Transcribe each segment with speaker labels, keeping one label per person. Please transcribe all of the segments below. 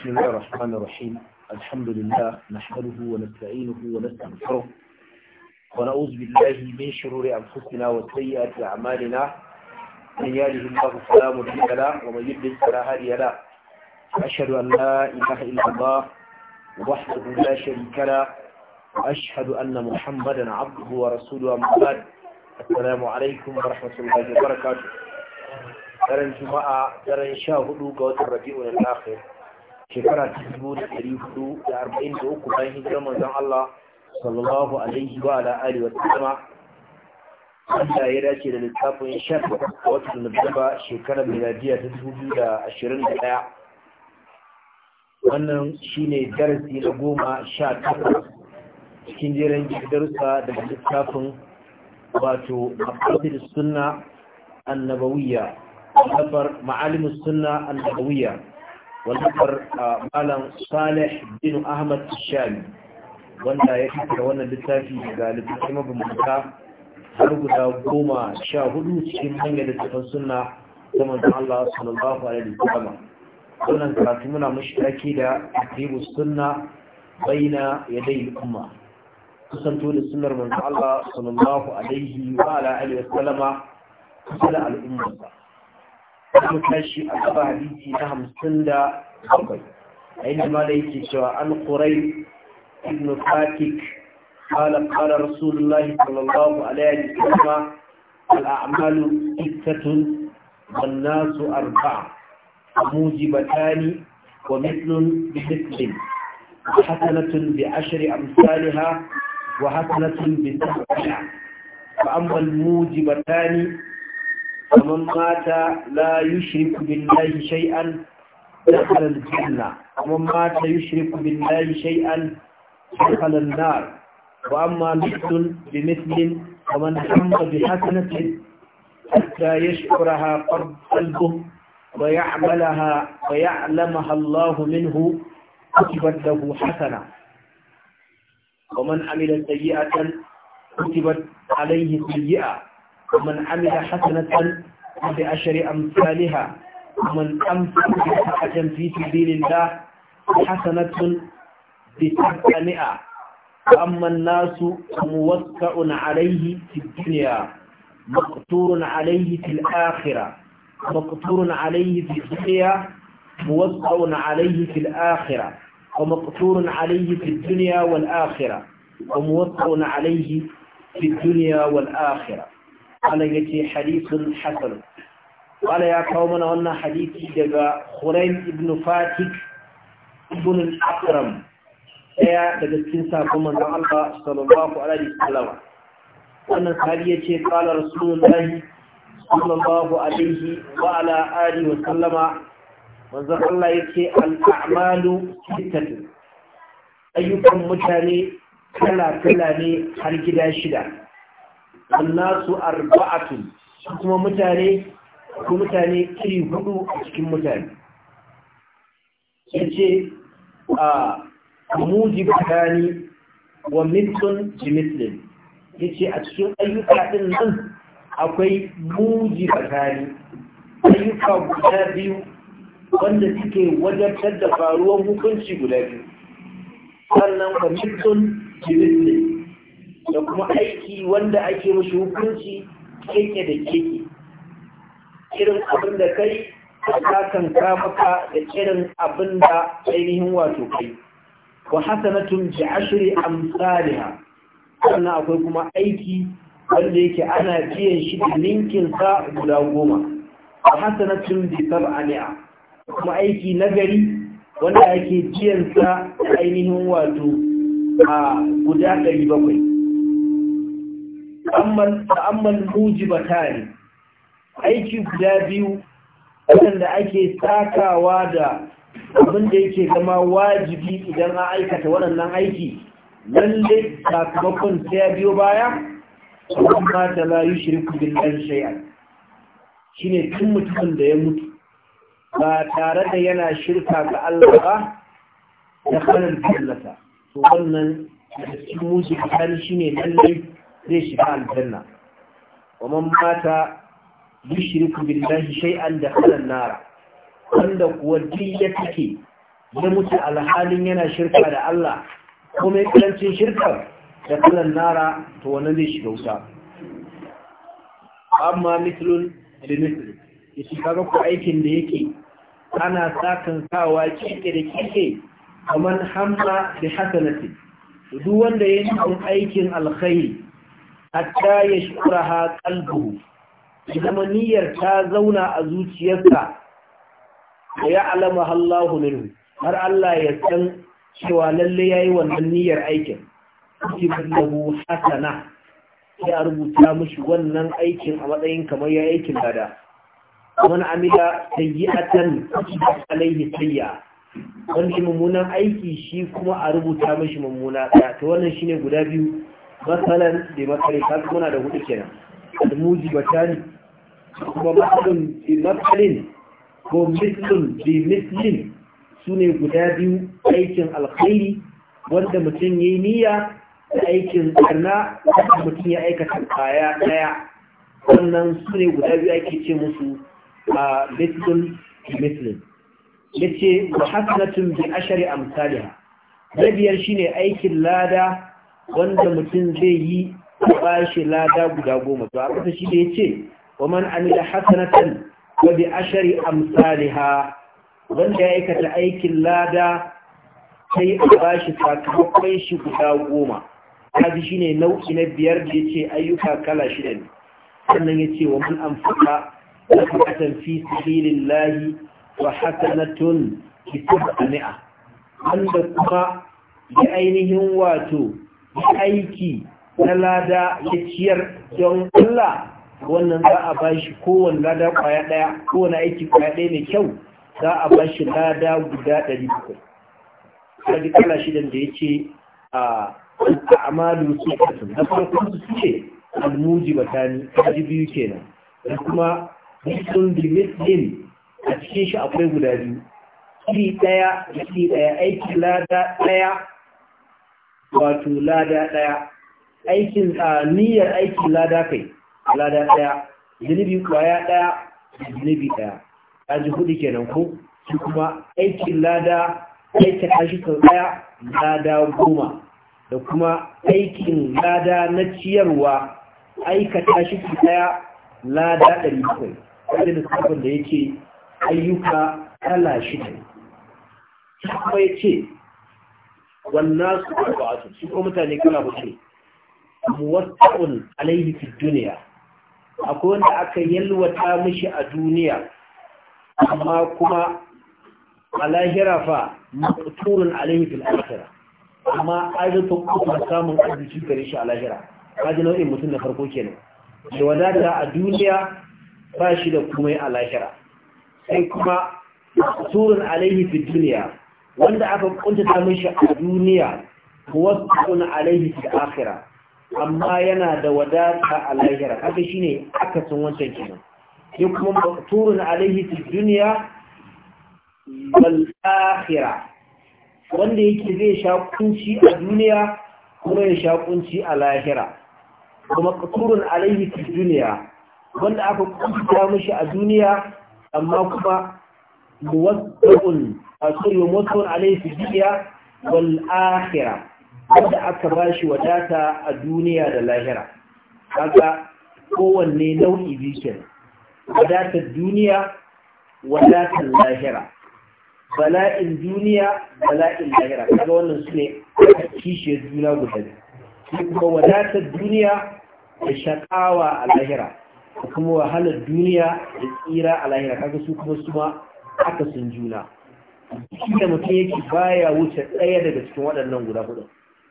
Speaker 1: بسم الله الرحمن الرحيم الحمد لله نحمده ونستعينه ونستغفره ونعوذ بالله من شرور أنفسنا وسيئات أعمالنا من يهده الله فلا مضل له ومن يضلل فلا هادي له أشهد أن لا إله إلا الله وحده لا شريك له وأشهد أن محمدا عبده ورسوله أما بعد السلام عليكم ورحمة الله وبركاته daren juma'a daren sha hudu ga watan rabi'ul akhir shekara ta dubu da ɗari hudu da arba'in da uku bayan hijirar manzon Allah sallallahu alaihi wa ala alihi wa sallama wanda ya dace da littafin shan a watan Nuwamba shekarar miladiya ta dubu biyu da ashirin da ɗaya wannan shine darasi na goma sha takwas cikin jeren darussa da littafin wato maqasid sunna annabawiyya nafar ma'alimus sunna annabawiyya wallafar malam salih bin ahmad shami wanda ya fita wannan littafi daga littafi mabambanta har guda goma sha hudu cikin manyan littafin suna ta manzan Allah sallallahu alaihi wasallam wannan karatu muna mushraki da tibu sunna baina yadai umma kusanto da sunnar manzan Allah sallallahu alaihi wa ala wa wasallama kusa da al'ummarsa kuma tashi a gaba hadisi na hamsin da bakwai a inda ma da yake cewa an kurai ibn fatik قال قال رسول الله صلى الله عليه وسلم الأعمال ستة والناس أربعة موجبتان ومثل بمثل وحسنة بعشر أمثالها وحسنة بسبعها فأما الموجبتان kaman mata la yushriku billahi shay'an dakhala al-janna kaman mata yushriku billahi shay'an dakhala nar wa amma mithlun bi mithlin kaman hamma bi hasanatin hatta yashkuraha qalbuhu wa ya'malaha wa minhu kutibat lahu hasana ومن عمل سيئة كتبت عليه سيئة ومن عمل حسنة بعشر أمثالها ومن أمسك بحقة في سبيل الله حسنة بتسع مئة وأما الناس موقع عليه في الدنيا مقتور عليه في الآخرة مقتور عليه في الدنيا موقع عليه في الآخرة ومقتور عليه في الدنيا والآخرة وموقع عليه في الدنيا والآخرة ala ya ce hadisun Hassan. wala ya kawo mana wannan hadisi daga huraim ibn fatik ibn al-akram daya daga cikin sakon manzon Allah sallallahu alaihi wasallam wannan sahabi ya ce qala rasulullahi sallallahu alaihi wa ala alihi wa sallama manzon Allah ya ce al-a'malu sittatu ayyukan mutane kala kala ne har gida shida annasu arba'atun kuma mutane ko mutane iri hudu a cikin mutane yace a bakani wa mithlun jimithli yace a cikin ayyuka din nan akwai bakani ayyuka guda biyu wanda suke wajabtar da faruwar hukunci guda biyu sannan wa mithlun jimithli wanda ake mashi hukunci keke da keke irin abin da kai a kan maka da irin abin da ainihin wato kai wa hasanatun ashiri ashri amsalha sannan akwai kuma aiki wanda yake ana jiyan shi da ninkin sa guda goma wa hasanatun bi sab'a kuma aiki nagari wanda ake jiyan sa ainihin wato a guda ɗari bakwai. ta'amman muji ne aiki guda biyu waɗanda ake takawa da abin da yake zama wajibi idan a aikata waɗannan aiki lalle sakamakon sai biyo baya ba ta layu shirku billahi shi ne tun mutumin da ya mutu ba tare da yana shirka ga Allah ba da kanar to wannan da cikin musu shi shine lalle zai shiga aljanna wa man mata yushriku billahi shay'an da halan nara wanda kuwa diyya take ya mutu alhalin yana shirka da Allah ko mai karancin shirka da halan nara to wannan zai shiga wuta amma mithlun da mislun ya shiga ga ku aikin da yake ana sakan sawa kike da kike kamar hamma da hasanati duk wanda ya aikin alkhairi hatta ya shura ha kalbu zama niyyar ta zauna a zuciyarsa da ya alama Allahu minhu har Allah ya san cewa lalle yayi wannan niyyar aikin kutiballahu hasana sai a rubuta mashi wannan aikin a matsayin kamar ya aikin gada wani amila sayyi'atan alaihi sayya Wani mummunan aiki shi kuma a rubuta mashi mummuna ta wannan shine guda biyu matsalan da matsali ta muna da hudu kenan almuji ne, kuma matsalin da eh, matsalin ko mislin da mislin su ne guda biyu aikin alkhairi wanda mutum ya yi niyya da aikin tsarna wanda mutum ya aikata kaya daya wannan su ne guda biyu ake ce musu a mislin da mislin ya ce wa hasanatun bi ashari amsaliha na biyar shine aikin lada wanda mutum zai yi ba shi lada guda goma to a kasa shi da ya ce wa amila hasanatan wa bi ashari amsalha wanda ya aikata aikin lada sai a ba shi sakamakon shi guda goma kaji shine nau'i na biyar da ya ce ayyuka kala shida ne sannan ya ce wa man amfaka nafaqatan fi sabilillahi wa hasanatun bi sab'a wanda kuma ya ainihin wato aiki na lada ya ciyar don Allah wannan za a bashi kowane lada kwaya daya kowane aiki kwaya daya mai kyau za a bashi lada guda 700 sai kala shidan da ce a amalu sukatu na farko su ce almuji batani kaji biyu kenan da kuma bisun din a cikin shi akwai guda biyu iri daya iri daya aiki lada ɗaya. wato lada ɗaya aikin niyyar aikin lada kai lada ɗaya zunubi kwaya ɗaya zunubi ɗaya ji hudu kenan ku su kuma aikin lada aika kashi sau ɗaya lada goma da kuma aikin lada na ciyarwa aikata shi ɗaya lada ɗari bakwai da lissafin da yake ayyuka kala shida kuma ya ce wannan su arba'atu su ko mutane kala hudu ne muwatta'un alaihi fi duniya akwai wanda aka yalwata mishi a duniya amma kuma a lahira fa maqturun alaihi fil akhirah amma arzikin kuma samun arziki gare shi a lahira kaji nau'in mutum na farko kenan da wadata a duniya ba shi da kuma a lahira sai kuma maqturun alaihi fi duniya wanda aka kuntata mishi a duniya kuwa muwaffaqun alaihi fil akhira. amma yana da wadata a lahira haka shine akasin wancan kina sai kuma maqturun alaihi fil dunya wal akhira. wanda yake zai sha kunci a duniya kuma ya sha kunci a lahira kuma maqturun alaihi fil dunya wanda aka kuntata mishi a duniya amma kuma muwadda'un asuru muwadda'un alaihi fi dunya wal akhirah wanda aka bashi wadata a duniya da lahira kaga kowanne nau'i bikin wadatar duniya wadatar lahira bala'in duniya bala'in lahira kaga wannan su ne kishiyar juna guda kuma wadatar duniya da shakawa a lahira kuma wahalar duniya da tsira a lahira kaga su kuma su ma akasin juna shi da mutum yake baya wuce ɗaya daga cikin waɗannan guda hudu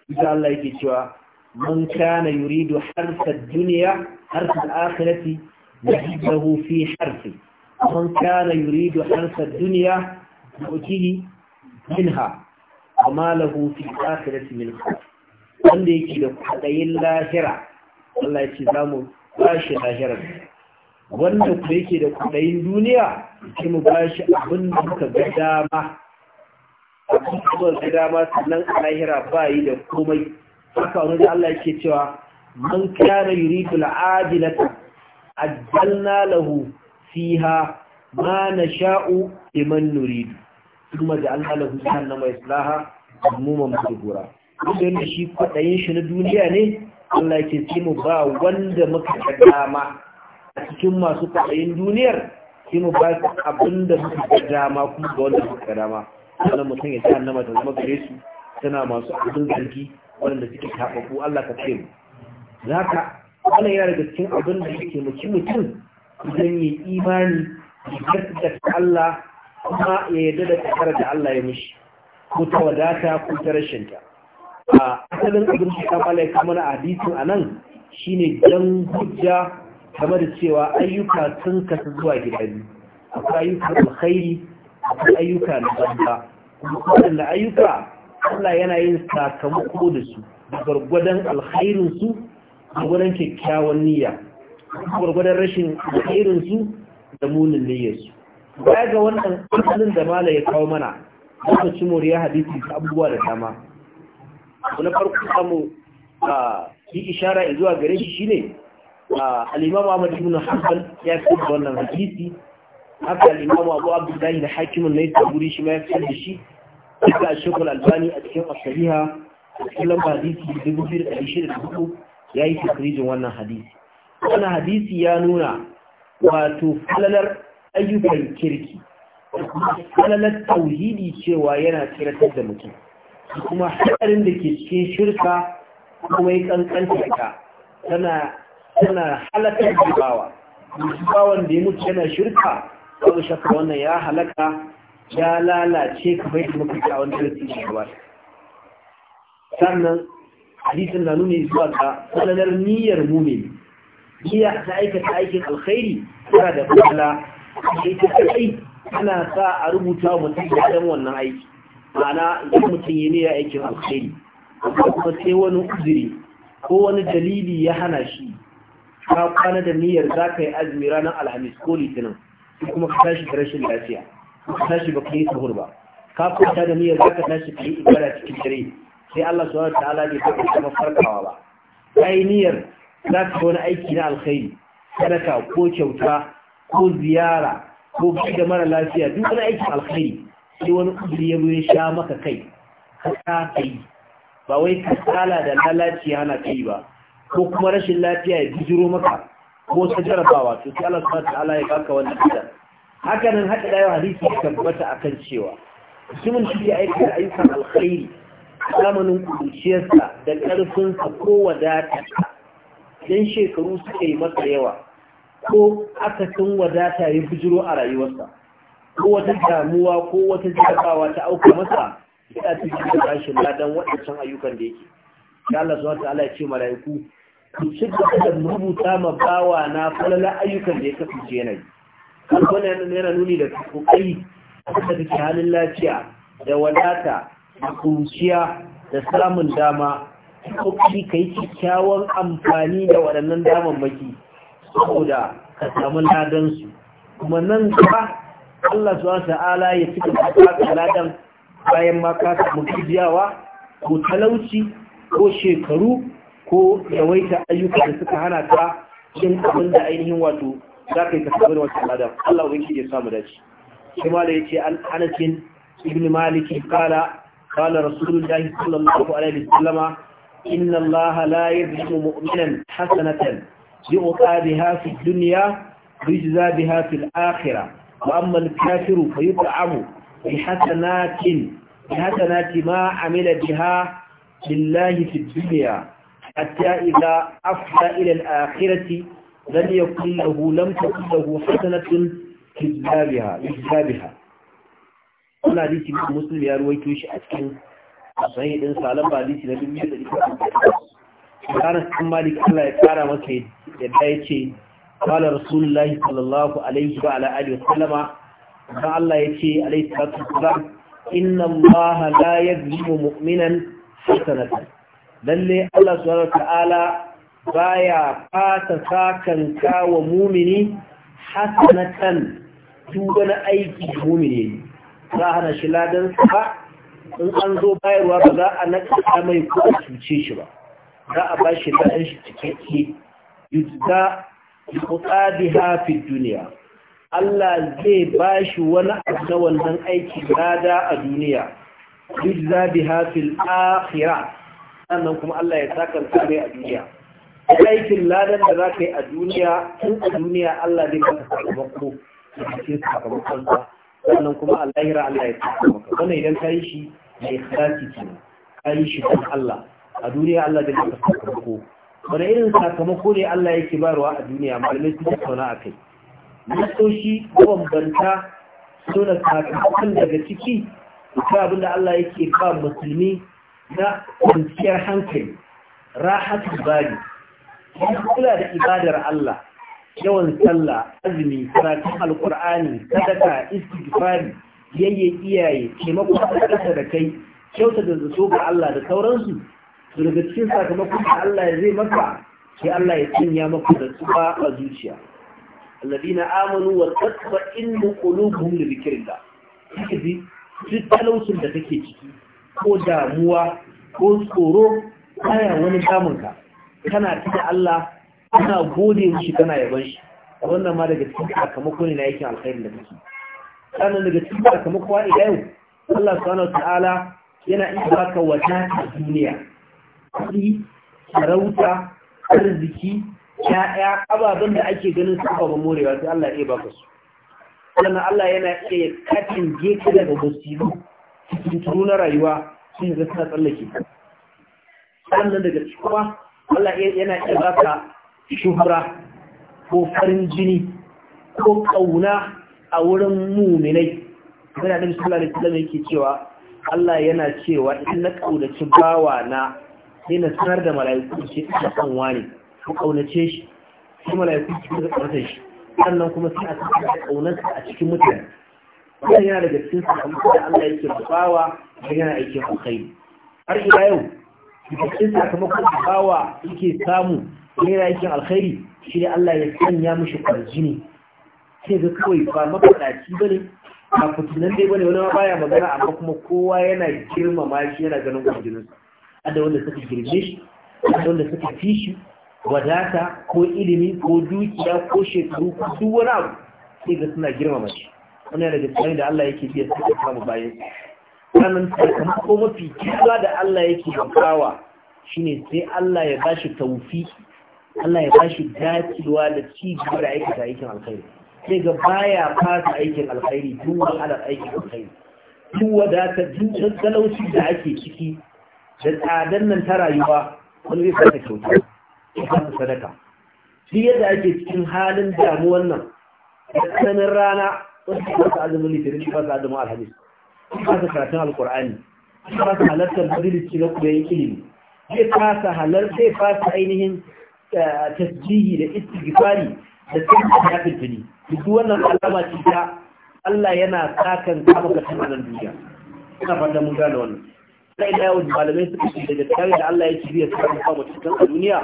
Speaker 1: bisa Allah yake cewa man kana yuridu harsa duniya harsa akhirati yahidahu fi harfi man kana yuridu harsa duniya yu'tihi minha amma lahu fi akhirati min wanda yake da kwaɗayin lahira Allah ya ce za mu bashi lahirar Wannan ku yake da kudayin duniya sai mu ba shi abin da muka ga dama abin da muka ga dama sannan a lahira ba yi da komai haka wani da Allah yake cewa man kana yuridu al-ajilata ajjalna lahu fiha ma nasha'u liman nuridu kuma da Allah lahu mai islaha mu mazgura wanda shi kudayin shi na duniya ne Allah yake ce mu ba wanda muka ga dama a cikin masu kwaɗayin duniyar sai mu ba su abin da suka ga dama kuma ga wanda suka dama wannan mutum ya ci annama ta zama gare su tana masu abin sarki waɗanda suke tafafu Allah ka ce mu za ka wannan yana daga cikin abin da yake mace mutum idan ya imani da Allah kuma ya yarda da tsakar da Allah ya mishi ko ta wadata ko ta rashinta a asalin abin da ta malaika mana a hadisin shi shine dan hujja kamar da cewa ayyuka sun kasa zuwa gida biyu akwai ayyukan alkhairi akwai ayyuka na banza kuma waɗanda ayyuka Allah yana yin sakamako da su da gwargwadon alkhairinsu da gwargwadon kyakkyawan niyya da gwargwadon rashin alkhairinsu da munin niyyarsu baya ga wannan asalin da mala ya kawo mana lokacin moriya hadisi ta abubuwa da dama abu na farko samu a ah, yi ishara zuwa gare shi shine Ah, Alimamu imam Ahmad ibn Hanbal ya fi wannan hadisi haka Alimamu imam Abu Abdullah da hakimin ne ya guri shi ma ya fi da shi haka Sheikh albani a cikin asariha sahiha cikin lamba hadisi ya yayi tafsirin wannan hadisi wannan hadisi ya nuna wato falalar ayyukan kirki falalar tauhidi cewa yana tsiratar da mutum kuma hadarin da ke cikin shirka kuma ya kankanta ta tana tana halakar jibawa jibawan da ya mutu yana shirka babu shakka wannan ya halaka ya lalace kamar yadda muka ga wani darasi shi gaba sannan hadisin na nuna zuwa ga tsananar niyyar mumini iya ta aikata aikin alkhairi tana da kula sai ta kai ana sa a rubuta mutum da dan wannan aiki ma'ana idan mutum ya aikin alkhairi kuma sai wani uzuri ko wani dalili ya hana shi ka kwana da niyyar za ka yi azumi ranar alhamis ko litinin kuma ka tashi da rashin lafiya ka tashi ba ka yi sahur ba ka kwanta da niyyar za ka tashi ka yi ibada cikin dare sai Allah subhanahu wataala bai ka kama farkawa ba ka yi niyyar za ka wani aiki na alkhairi sadaka ko kyauta ko ziyara ko da mara lafiya duk wani aikin alkhairi sai wani uzuri ya ya sha maka kai ka sa kai ba wai tsala da lalaci hana kai ba ko kuma rashin lafiya ya gijiro maka ko ta jarabawa to sai Allah subhanahu ta'ala ya baka wannan kida haka nan haka dawo hadisi ya tabbata akan cewa mutumin shi ya aika ayyukan alkhairi zamanin kuciyarsa da sa ko wadata dan shekaru suka yi masa yawa ko tun wadata ya bijiro a rayuwarsa ko wata damuwa ko wata jarabawa ta auka masa ya ta cikin rashin ladan waɗancan ayyukan da yake Allah subhanahu ta'ala ya ce mala'iku ku ci da rubuta ma bawa na falala ayyukan da ya kasance yanayi kalbana yana nuni da kokari da take halin lafiya da wadata da kunciya da samun dama kokari kai kyakkyawan amfani da waɗannan damammaki saboda ka samu ladan su kuma nan ka, Allah subhanahu ta'ala ya cika baka ladan bayan ma ka samu gidiyawa ko talauci ko shekaru ko yawaita ayyuka da suka hana ka yin abin da ainihin wato za ka yi ka samu da wata al'ada Allah ubangiji ya samu dace shi ma da yace an anasin ibn maliki qala qala rasulullahi sallallahu alaihi wasallam inna Allah la yadhlimu mu'minan hasanatan yu'qadiha fi dunya yujza biha fil akhirah wa amma al-kafiru fayut'amu bi hasanatin bi hasanati ma amila biha lillahi fi dunya حتى إذا أفضى إلى الآخرة لم يكن له لم تكن له حسنة كذابها إجابها أنا ديتي مسلم يا رويتو شأتكن صحيح إن سالم بعديتي لم يكن كان مالك الله يكرم مكيد يدعي قال رسول الله صلى الله عليه وعلى آله وسلم قال الله يتي عليه الصلاة والسلام إن الله لا يظلم مؤمنا حسنة lalle Allah subhanahu ta'ala baya fata sakan kawo mumini hasanatan duk wani aiki da mumini za a hana shi ladan in an zo bayarwa ba za a nakasa mai ko a cuce shi ba za a ba shi ladan shi cikakke yuzda yuqta bi hafi duniya. Allah zai ba shi wani abu na wannan aiki lada a duniya yuzda bi hafi akhirah sannan kuma Allah ya sakanta mai a duniya aikin ladan da za ka yi a duniya tun a duniya Allah zai maka sakamako da cikin sakamakon sa sannan kuma Allah ya Allah ya sakamako wannan idan ka yi shi mai ikhlasi kenan ka yi shi don Allah a duniya Allah zai maka sakamako wani irin sakamako ne Allah yake bayarwa a duniya malamai sun tattauna a kai nasoshi mabambanta suna sakamakon daga ciki ta abin da Allah yake ba musulmi na kwanciyar hankali rahatul bari kula da ibadar Allah yawan sallah azumi karatun alkur'ani sadaka istighfari yayye iyaye taimako da da kai kyauta da zato ga Allah da sauransu su daga cikin sakamakon da Allah ya zai maka sai Allah ya sanya maka da tsuba a zuciya alladina amanu wa tatma'innu qulubuhum li dhikrillah kike ji duk talaucin da take ciki ko damuwa ko tsoro kayan wani damunka kana tuna Allah kana gode shi kana yaban shi wannan ma daga cikin sakamako ne na yake alkhairi da kake sannan daga cikin sakamako wa idan Allah subhanahu ta'ala yana iya baka ta duniya kuɗi sarauta arziki ya'ya ababen da ake ganin su ba morewa sai Allah ya baka su sannan Allah yana iya katin gefe daga musibu cikin na rayuwa sun ga suna tsallake sannan daga cikuwa Allah yana iya baka shuhura ko farin jini ko ƙauna a wurin muminai yana da kula mai yake cewa Allah yana cewa in na ƙaunaci bawa na sai na sanar da mala'iku shi ta san wani ko kaunace shi Shi mala'iku shi ta shi sannan kuma sai a cikin ƙaunarsa a cikin mutane wannan yana daga cikin sakamakon da Allah yake bawa da yana aikin alkhairi har ila yau daga cikin sakamakon da bawa yake samu da yana aikin alkhairi shi ne Allah ya sanya mishi kwarjini sai ga kawai ba mafaɗaci bane a fitinan dai bane wani ma baya magana amma kuma kowa yana girmama shi yana ganin kwarjininsa ada wanda suka girme shi ada wanda suka fi shi wadata ko ilimi ko dukiya ko shekaru ko duk wani abu sai ga suna girmama shi wani da cikin da Allah yake biya suke samu bayan sannan sakamako mafi kira da Allah yake bakawa shine sai Allah ya bashi taufi Allah ya bashi dacewa da ci gaba da aikin alkhairi sai ga baya fasa aikin alkhairi duk wahalar aikin alkhairi duk wadata duk talauci da ake ciki da tsadan nan ta rayuwa wani zai sata kyauta ya fasa sadaka shi yadda ake cikin halin damuwan nan da rana wanda ba su azumin litinin ba su azumin alhamis ba su karatun alkur'ani ba su halartar majalis na koyon ilimi zai fasa halarta zai fasa ainihin eh, tasbihi da istighfari da tsarki da fitini duk wannan alama ce ta Allah yana sakan kama ka tunanin duniya ina fata mun gane wannan sai da yawan malamai suka ce daga tare da Allah ya shirya sakan kama cikin a duniya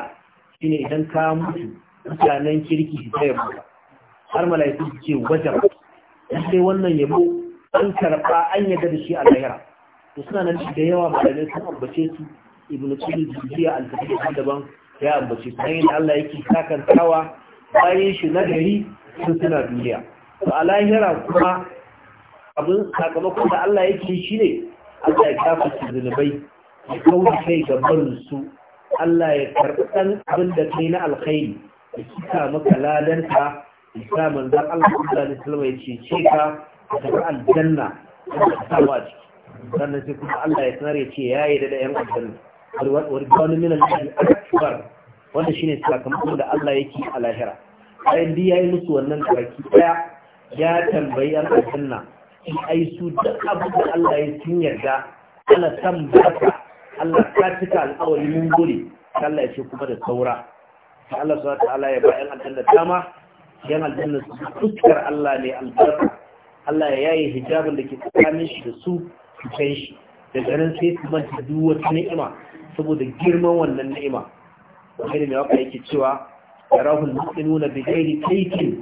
Speaker 1: shine idan ka mutu mutanen kirki sai ya mutu har malaiku su ce wajen sai wannan yabo an karba an yadda da shi a lahira to suna nan da yawa malamai sun ambace su ibn qayyim jiya al-fatih daban ya ambace su sai Allah yake sakantawa bayan shi gari sun suna duniya to a lahira kuma abin sakamakon da Allah yake shi ne Allah ya kafa zunubai ya kauce kai ga barinsu Allah ya karɓi ɗan abin da kai na alkhairi ya kika maka ladanta isa manzan Allah sallallahu alaihi wasallam ya ce ce ka da aljanna da samu a ciki sannan sai kuma Allah ya sanar ya ce ya da yan aljanna wani wani minan da akbar wanda shine sakamakon da Allah yake a lahira bayan ya yi musu wannan karki daya ya tambayi yan aljanna in ai su da abin da Allah ya sun yarda ana san baka Allah ka cika alƙawari mun gode Allah ya ce kuma da saura Allah subhanahu wa ta'ala ya ba yan aljanna dama yan aljanna su fuskar Allah ne albarka Allah ya yaye hijabin da ke tsakanin shi da su su shi Da ganin sai su manta duk wata ni'ima saboda girman wannan ni'ima wani da mai waka yake cewa yarahul mu'minuna bi ghairi kayfin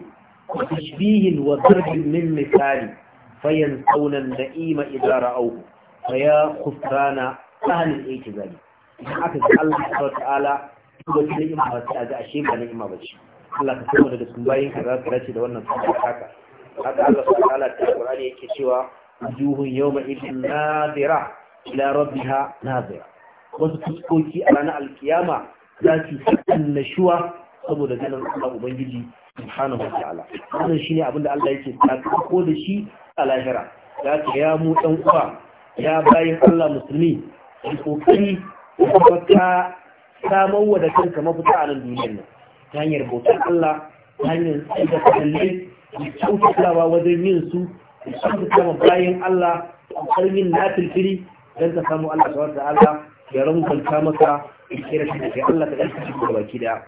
Speaker 1: wa tashbihin wa darbin min misali fayansawna saunan naima ya ra'awhu faya khusrana aiki ikzali idan aka ga Allah subhanahu wa ta'ala duk wata ni'ima ba ta ga ashe ba ni'ima ba ce Allah ka samu daga sun ka za ka dace da wannan sunan haka haka Allah subhanahu wa ta'ala ta Qur'ani yake cewa wujuhun yawma idin nadira ila rabbiha nadira wasu fuskoki a ranar alkiyama za su sakan nashuwa saboda ganin Allah ubangiji subhanahu wa ta'ala wannan shine abin da Allah yake ko da shi a lahira za ka ya mu dan uwa ya bayin Allah musulmi ki kokari ka samar wa da kanka mafita a nan duniyar nan ta hanyar bautar Allah ta hanyar tsaye kallai da kyautatawa wajen yin su da kyautatawa bayan Allah da ƙarfin na filfili don ta samu Allah subhanahu wa Allah, ya rankwanta maka in kira shi da kai Allah ka ɗauki shi gaba ki da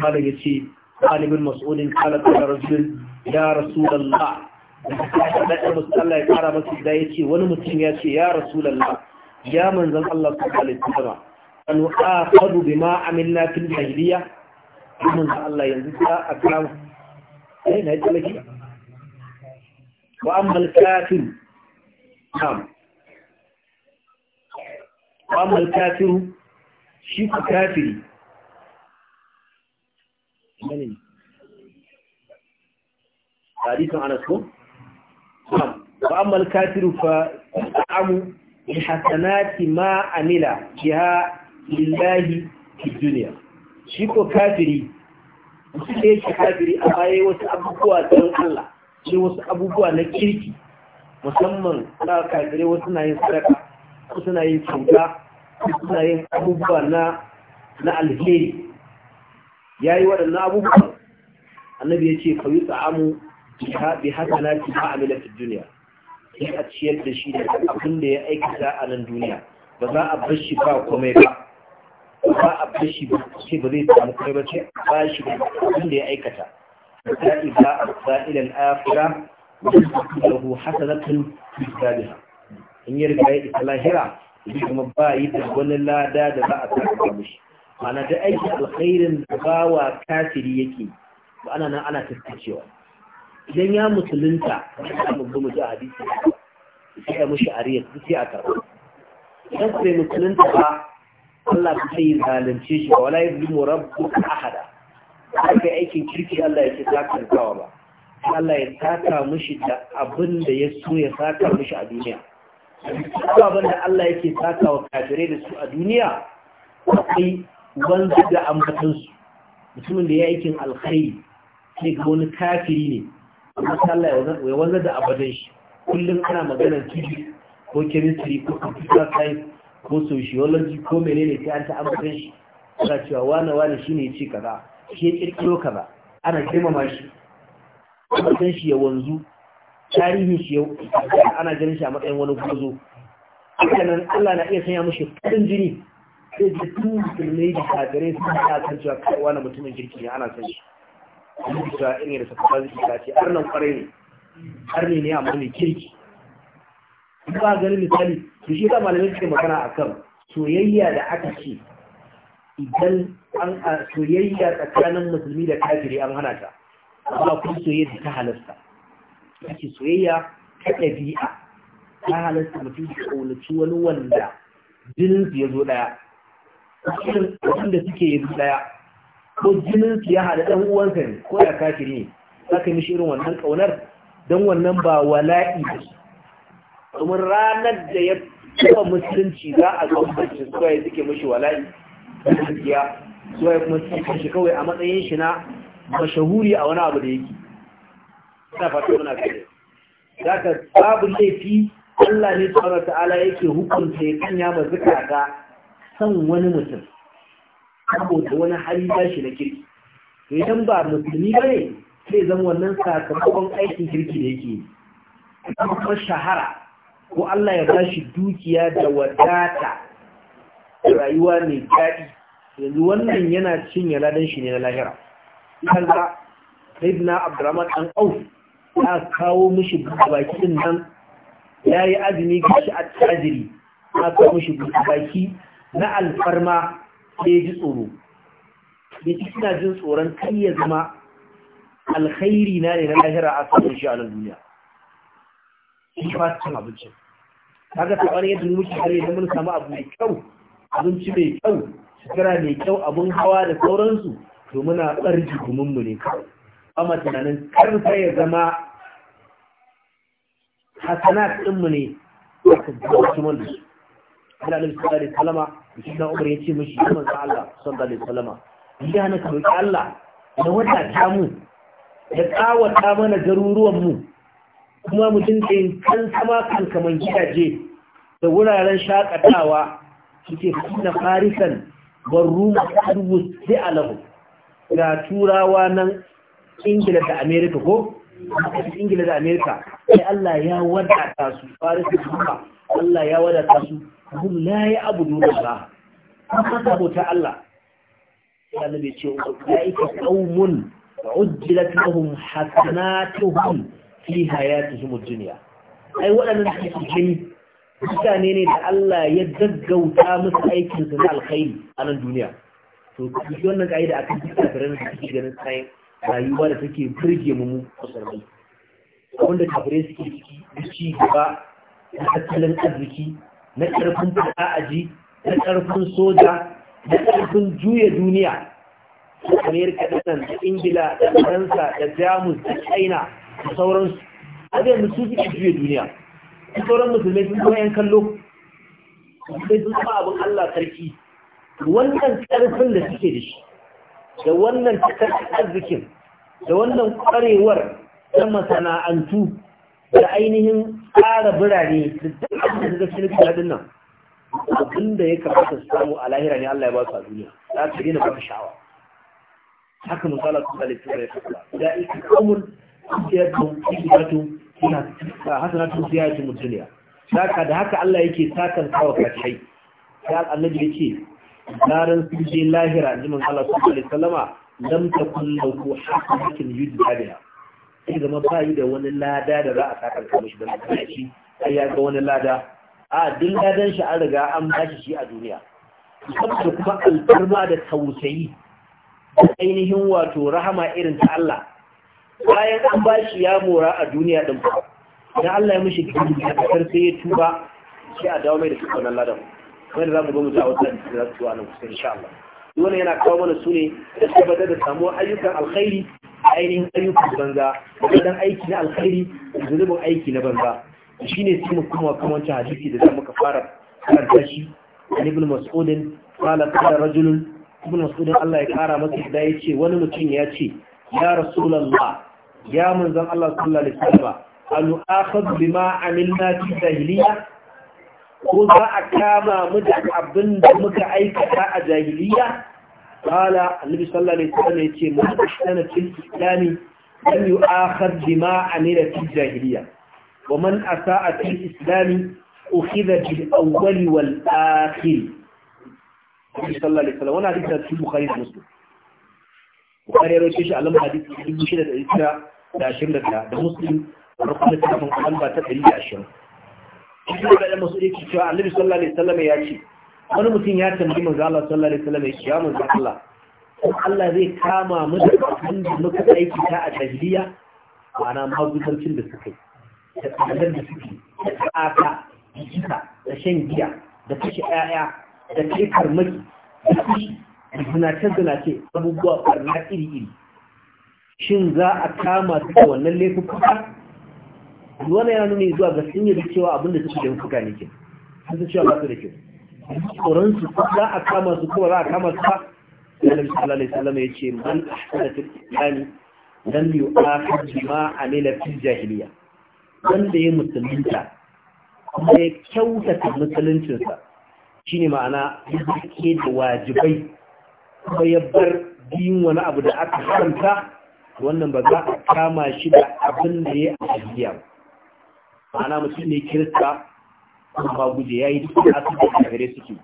Speaker 1: malam ya ce ɗalibin mas'udin kala kala rajul ya rasulallah da ɗan masu Allah ya ƙara masu da ya ce wani mutum ya ce ya rasu rasulallah ya manzan Allah su alaihi sama. نؤاخذ بما عملنا في الجاهلية من الله ينزل أكرم أين هذا وأما الكافر نعم وأما الكافر شيخ كافر من حديث عن أسفل نعم وأما الكافر فأعم بحسنات ما عمل بها lillahi fi duniya shi ko kafiri mutum da yake kafiri a baya wasu abubuwa don Allah shi wasu abubuwa na kirki musamman na kafire wasu na yin sadaka wasu na yin kyauta wasu na yin abubuwa na na alheri ya yi waɗannan abubuwa annabi ya ce fayu tsa'amu bi ki ba amila fi duniya sai a ciyar da shi da abin da ya aikata a nan duniya ba za a bar shi ba komai ba ba a bar shi ba zai samu kai ba ce ba shi ba inda ya aikata ta iza a sa'ilan afira lahu hasanatun bisabiha in yi riga ya isa lahira shi kuma ba yi da wani lada da za a saka mishi ma'ana da aiki alkhairin da bawa kafiri yake ba ana nan ana tattacewa idan ya musulunta ya mugu mutu a hadisi sai ya mushi a riyar sai a karɓa idan bai musulunta ba Allah ba zai zalunce shi ba wala mu yuzlimu rabbuka ahada kai aikin kirki Allah ya ce saka kawa ba Allah ya saka mishi da abin da ya so ya saka mishi a duniya ababen da Allah yake saka wa kafirai da su a duniya akwai wanzu da ambatansu mutumin da ya aikin alkhairi sai ga wani kafiri ne amma Allah ya wanzu da abadan shi kullum ana maganar kiri ko chemistry ko computer science ko sociology ko menene sai an ta ambatan shi ana cewa wane wane shine ya ce kaza shi ya kirkiro kaza ana girmama shi ambatan shi ya wanzu tarihin shi ya ana ganin shi a matsayin wani gozo haka Allah na iya sanya mushi kudin jini sai da tun musulmai da su sun a kan cewa kai wani mutumin kirki ne ana san shi a lokacin irin da sakata zai ce har nan kwarai ne har ne ne amma mai kirki ba gani misali to shi ka malamai suke magana kan soyayya da aka ce idan an soyayya tsakanin musulmi da kafiri an hana ta ba kun soyayya ta halasta ake soyayya ta ɗabi'a ta halasta mutum da ƙaunaci wani wanda jininsu ya zo ɗaya irin wanda suke yi zo ɗaya ko jininsu ya haɗa ɗan uwansa ne ko ya kafiri ne za ka yi mishi irin wannan ƙaunar don wannan ba wala'i ba kamar ranar da ya kuma musulunci za a gwamnati suwa kawai suke mashi wala'i gaskiya su kawai kuma suke shi kawai a matsayin shi na mashahuri a wani abu da yake ina fata muna kare za ka babu laifi Allah ne tsara ta'ala yake hukunta ya kanya ma zukata san wani mutum saboda wani hali ba shi na kirki idan ba musulmi ba ne sai zama wannan sakamakon aikin kirki da yake kuma shahara ko Allah ya bashi dukiya da wadata rayuwa mai daɗi yanzu wannan yana cinye ladan shi ne na lahira kanka sayyidina abdurrahman an auf ya kawo mishi baki din nan yayi azumi kashi attajiri ya kawo mishi baki na alfarma sai ji tsoro da ina jin tsoron kai ya zama alkhairi na ne na lahira a samun shi a duniya shi ba su cin abinci kaga sabar yadda mu muke har yadda mun samu abu mai kyau abinci mai kyau sutura mai kyau abun hawa da sauransu to muna ɓarji gumin mu ne kawai amma tunanin karfa ya zama hasanat din mu ne aka wasu wanda su ana da sallallahu da wasallama shi na umar yace mishi ya manzo Allah sallallahu alaihi wasallama ya hana ka roki Allah da wata ta mu ya kawata mana garuruwan mu kuma mutum ɗin kan sama kan kaman gidaje da wuraren shakatawa suke kuna farisan barru masu sai alahu ga turawa nan ingila da amerika ko ingila da amerika sai allah ya wadata su farisan suka allah ya wadata su abin la ya abu nuna ba kuma saboda allah ya nabe ce ya ika kaumun ujjilat ujjilatuhun hasanatuhun fi hayatihim ad-dunya ai waɗannan da ake gani mutane ne da Allah ya gaggauta musu aikin su na alkhairi a nan duniya to shi wannan kaida akan kafirin da kike ganin sai rayuwa da take burge mu musulmai wanda kafirai suke ciki da ci gaba tattalin arziki na ƙarfin fa'aji na ƙarfin soja da ƙarfin juya duniya amerika da nan da ingila da faransa da jamus da china da sauransu Abin da su suke juya duniya su sauran musulmai sun kuma yan kallo sai sun sa abin Allah sarki wannan karfin da suke da shi da wannan karfin arzikin da wannan kwarewar ta masana'antu da ainihin tsara birane da duk abin da suke da nan abin da ya kamata su samu a lahira ne Allah ya ba su a duniya za su daina ba sha'awa haka misalar su da littattafai ya fi da ita siyatun sayyi'atun yana hasanatun sayyi'atun mutliya saka da haka Allah yake sakan kawo kashai sai annabi yake zaran sun je lahira inji manzo Allah sallallahu alaihi wasallama lam takun lahu hasanatun yujza biha sai zama ba yi da wani lada da za a sakan kawo shi dan kashi sai ya ga wani lada a duk ladan shi an riga an bashi shi a duniya saboda kuma alfarma da tausayi ainihin wato rahama irin ta Allah bayan an ba shi ya mora a duniya ɗin ba idan Allah ya mishi gidi a kasar sai ya tuba shi a dawo mai da suka ladan kuma da za mu zo mu wata da za su zuwa nan kusa insha Allah wannan yana kawo mana su ne da tabbatar da samuwar ayyukan alkhairi ainihin ayyukan banza da aiki na alkhairi da zunubin aiki na banza ne su mu kuma kuma wancan hadisi da za mu ka fara karanta shi ibn mas'udin qala qala rajulun. ibn mas'udin Allah ya kara masa da yace wani mutum ya ce ya rasulallah. ya manzan Allah sallallahu alaihi wasallam an akhad bima amilna fi jahiliya ko za a kama mu da abin da muka aikata a jahiliya qala annabi sallallahu alaihi wasallam yace mu kana cikin islami an yu'akhad bima amila fi jahiliya wa man asaa fi islami ukhidha bil awwal wal akhir sallallahu alaihi wasallam wannan hadisi Bukhari da Muslim bukari ya roce shi a lamba hadisi dubu shida da isra da ashirin da da muslim a rukun littafin lamba ta ɗari da ashirin shi ne da masu yake cewa annabi sallallahu alaihi wasallam ya ce wani mutum ya tambayi manzo Allah sallallahu alaihi wasallam ya ce ya manzo Allah ko Allah zai kama mu da abin da muka aiki ta a jahiliya ma'ana mazubancin da suka yi da tsadar da suke da tsaka, da jika da shan giya da kashe 'ya'ya da kai karmaki da kushi zinace-zinace abubuwa ɓarna iri-iri shin za a kama su da wannan laifuka Wani yana nuni zuwa ga sun yi cewa abin da suke da hukuka ne ke sun su cewa ba su da kyau tsoron su za a kama su kuma za a kama su ba da nabi sallallahu alaihi sallam, ya ce man ahsana fi islami lam yu'akhid bima amila fi jahiliya wanda ya musulunta kuma ya kyautata musuluncinsa shine ma'ana ya ke da wajibai kuma ya bar biyun wani abu da aka haramta wannan ba za a kama shi da abin da ya ajiya ma'ana mutum ne kirista ba guje ya yi duk da su da gare suke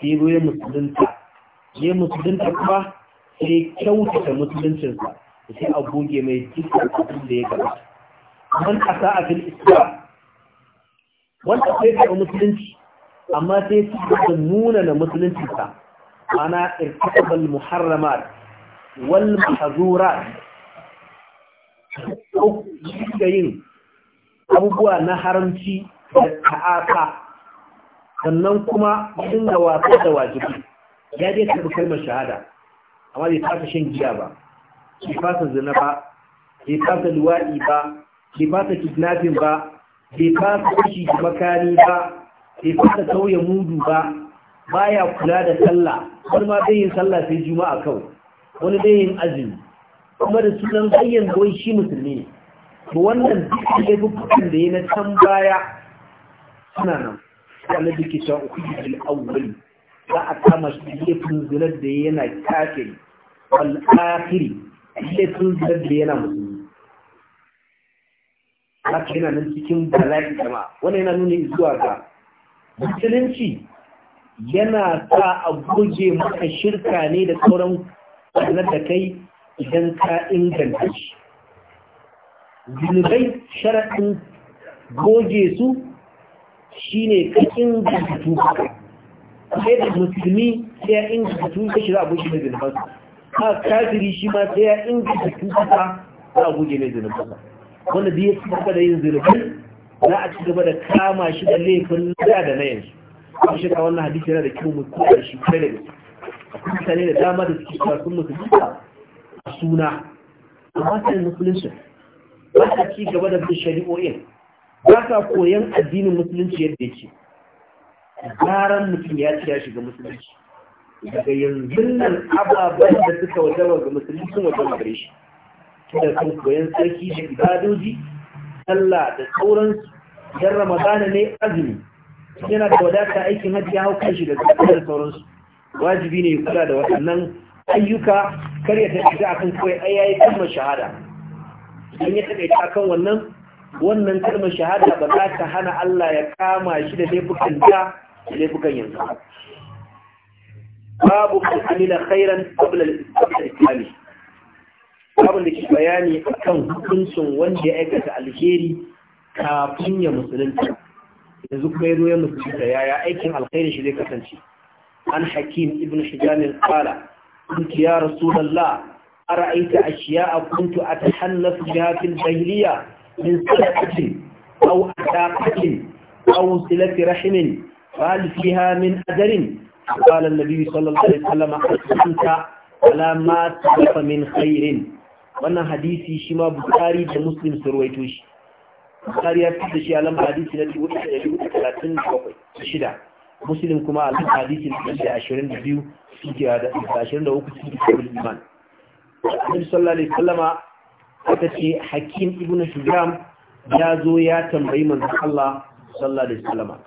Speaker 1: sai ya goye musulunta ya musulunta kuma sai kyautata musuluncinsa sai a goge mai dukkan abin da ya gaba man kasa a fil islam wanda sai ga musulunci amma sai su da munana musuluncinsa ana irtabal muharramat wal mahzurat ko da yin abubuwa na haramci da ta'aka sannan kuma dinga wasa da wajibi ya je ta kalmar shahada amma bai fasa shan giya ba bai fasa zina ba bai fasa luwaɗi ba bai fasa kidnapping ba bai fasa kashi makani ba bai fasa sauya mudu ba baya kula da sallah wani ma bai yin sallah sai juma'a kawai wani bai yin azumi kuma da sunan bayyan goyi shi musulmi ne to wannan duk laifukan da ya na can baya suna nan wani duki shan uku bil awwal za a kama shi laifin zinar da yana kafiri wal akhiri laifin zinar da yana musulmi haka yana nan cikin bala'i jama'a wannan yana nuna zuwa ga musulunci yana sa a guje maka shirka ne da sauran ƙarnar da kai idan ka inganta shi zunubai sharaɗin goge su ne ka inganta tuka sai da musulmi sai ya inganta tuka shi za a guje mai su. a kafiri shi ma sai ya inganta tuka za a guje mai su. wanda biyu ya fi da yin zunubai za a ci gaba da kama shi da laifin da na yanzu kuma shaka wannan hadisi yana da kyau mu kiyaye shi kai da akwai mutane da dama da suke cewa a suna amma sai musulunci ba sa ci gaba da bin shari'o'in ba sa koyan addinin musulunci yadda yake zaran mutum ya ci ya shiga musulunci daga yanzu nan ababen da suka wajaba ga musulunci sun wajaba gare shi da kan koyan sarki da ibadoji sallah da sauransu yan ramadana ne azumi yana da wadata aikin hajji ya hau kanshi da da sauransu wajibi ne ya kula da waɗannan ayyuka kar ya tafi akan kawai ai yayi kalmar shahada idan ya tafi akan wannan wannan kalmar shahada ba za ta hana Allah ya kama shi da laifukan da da laifukan yanzu babu amila khairan qabla al-islami babu da ke bayani akan hukuncin wanda ya aikata alheri kafin ya musulunta yanzu kuma ya zo ya musulunta yaya aikin alkhairi shi zai kasance an hakim ibn hijamin qala kuntu ya rasulullah ara'aita a kuntu atahannasu biha fil jahiliya min sadaqatin aw ataqatin aw silati rahimin fahal fiha min ajrin qala nabi sallallahu alaihi wasallam anta ala ma tafa min khairin wannan hadisi shi ma bukari da muslim su shi bukari ya fi da shi a lamba hadisi na 1336 muslim kuma a lamba hadisi na 22 suke da 23 suke da iman annabi sallallahu alaihi wasallama aka ce hakim ibn shujam ya zo ya tambayi manzon Allah sallallahu alaihi wasallama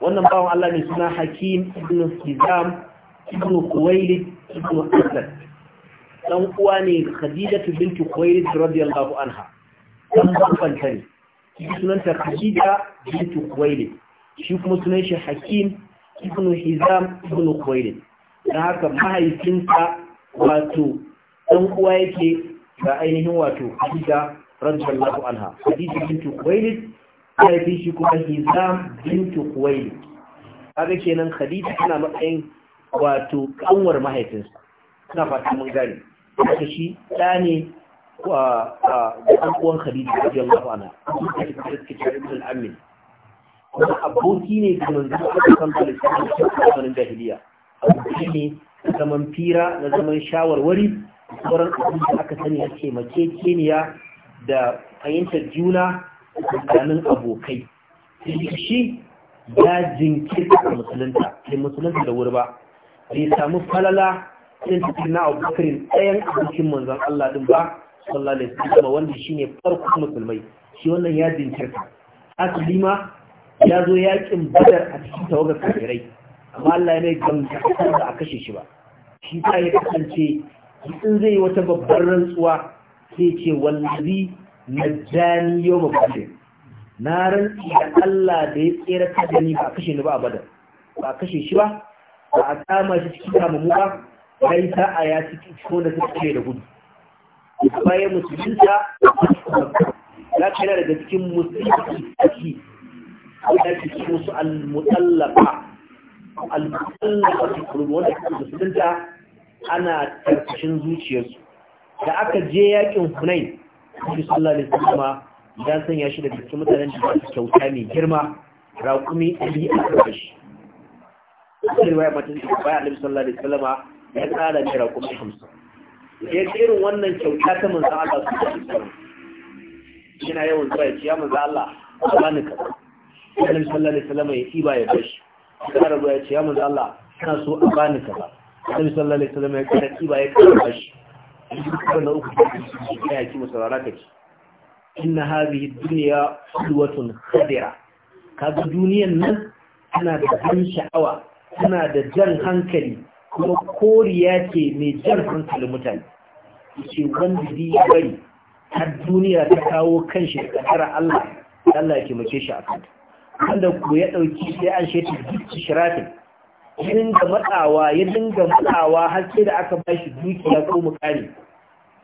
Speaker 1: wannan bawan Allah ne suna hakim ibn shujam ibn kuwailid ibn asad dan uwa ne khadijatu binti kuwailid radiyallahu anha dan babban ne. sunanta Khadija bintu Khuwailid shi kuma sunan shi Hakim ibnu Hizam ibnu Khuwailid dan haka mahaifinta wato dan uwa yake ga ainihin wato Khadija radiyallahu anha Khadija bintu Khuwailid mahaifi shi kuma Hizam bintu Khuwailid kaga kenan Khadija tana matsayin wato kanwar mahaifinsa ina fata mun gane shi ɗa ne an uwan khadija radiyallahu anha kuma ta ce ta ibn al-ammi kuma aboki ne da manzo Allah kan da a zamanin jahiliya aboki ne na zaman fira na zaman shawarwari sauran abin da aka sani a ce keniya da fahimtar juna tsakanin abokai shi ya jinkirta a musulunta sai musulunta da wuri ba bai samu falala irin cikin na abokin tsayan abokin manzon Allah din ba sallallahu alaihi wasallam wanda shine farko musulmai shi wannan ya jinkirta asali ma ya zo yakin badar a cikin tawagar kafirai amma Allah ya mai gangatar da a kashe shi ba shi ta ya kasance in zai yi wata babbar rantsuwa sai ce wallazi najjani yawma badr na rantsi da Allah da ya tsere ta gani ba kashe ni ba a badar ba kashe shi ba ba a kama shi cikin kamamu ba sai ta a ya cikin da suka da gudu bayan musulunta ya ka yana daga cikin musulunci a ya ce cikin su al-mutallaka al-mutallaka su kulubu wanda ke musulunta ana tarkashin zuciyarsu da aka je yakin hunain Su sallallahu su kuma ya sanya shi daga cikin mutanen da su kyauta mai girma raƙumi ɗari a ƙarfashi sai riwaya matan da bayan annabi sallallahu su kuma ya tsara da raƙumi hamsin ya ga irin wannan kyauta ta manzo Allah su da shi yana yawan zuwa ya ce ya manzo Allah a bani ka Annabi sallallahu alaihi wasallam ya tiba ya bashi kada zuwa ya ce ya manzo Allah kana so a bani ka Annabi sallallahu alaihi wasallam ya kada tiba ya kada bashi na uku ya ki musarara kace inna hadhihi ad-dunya hulwatun khadira kaga duniyan nan tana da ban sha'awa tana da jan hankali kuma koriya ce mai jan hankalin mutane ce wanda bi ya bari har duniya ta kawo kan shi da ƙasar Allah Allah ke mace shi a kanta wanda ku ya ɗauki sai an shaita dukkan shirafin ya dinga matsawa ya dinga matsawa har sai da aka ba shi dukiya ko mukami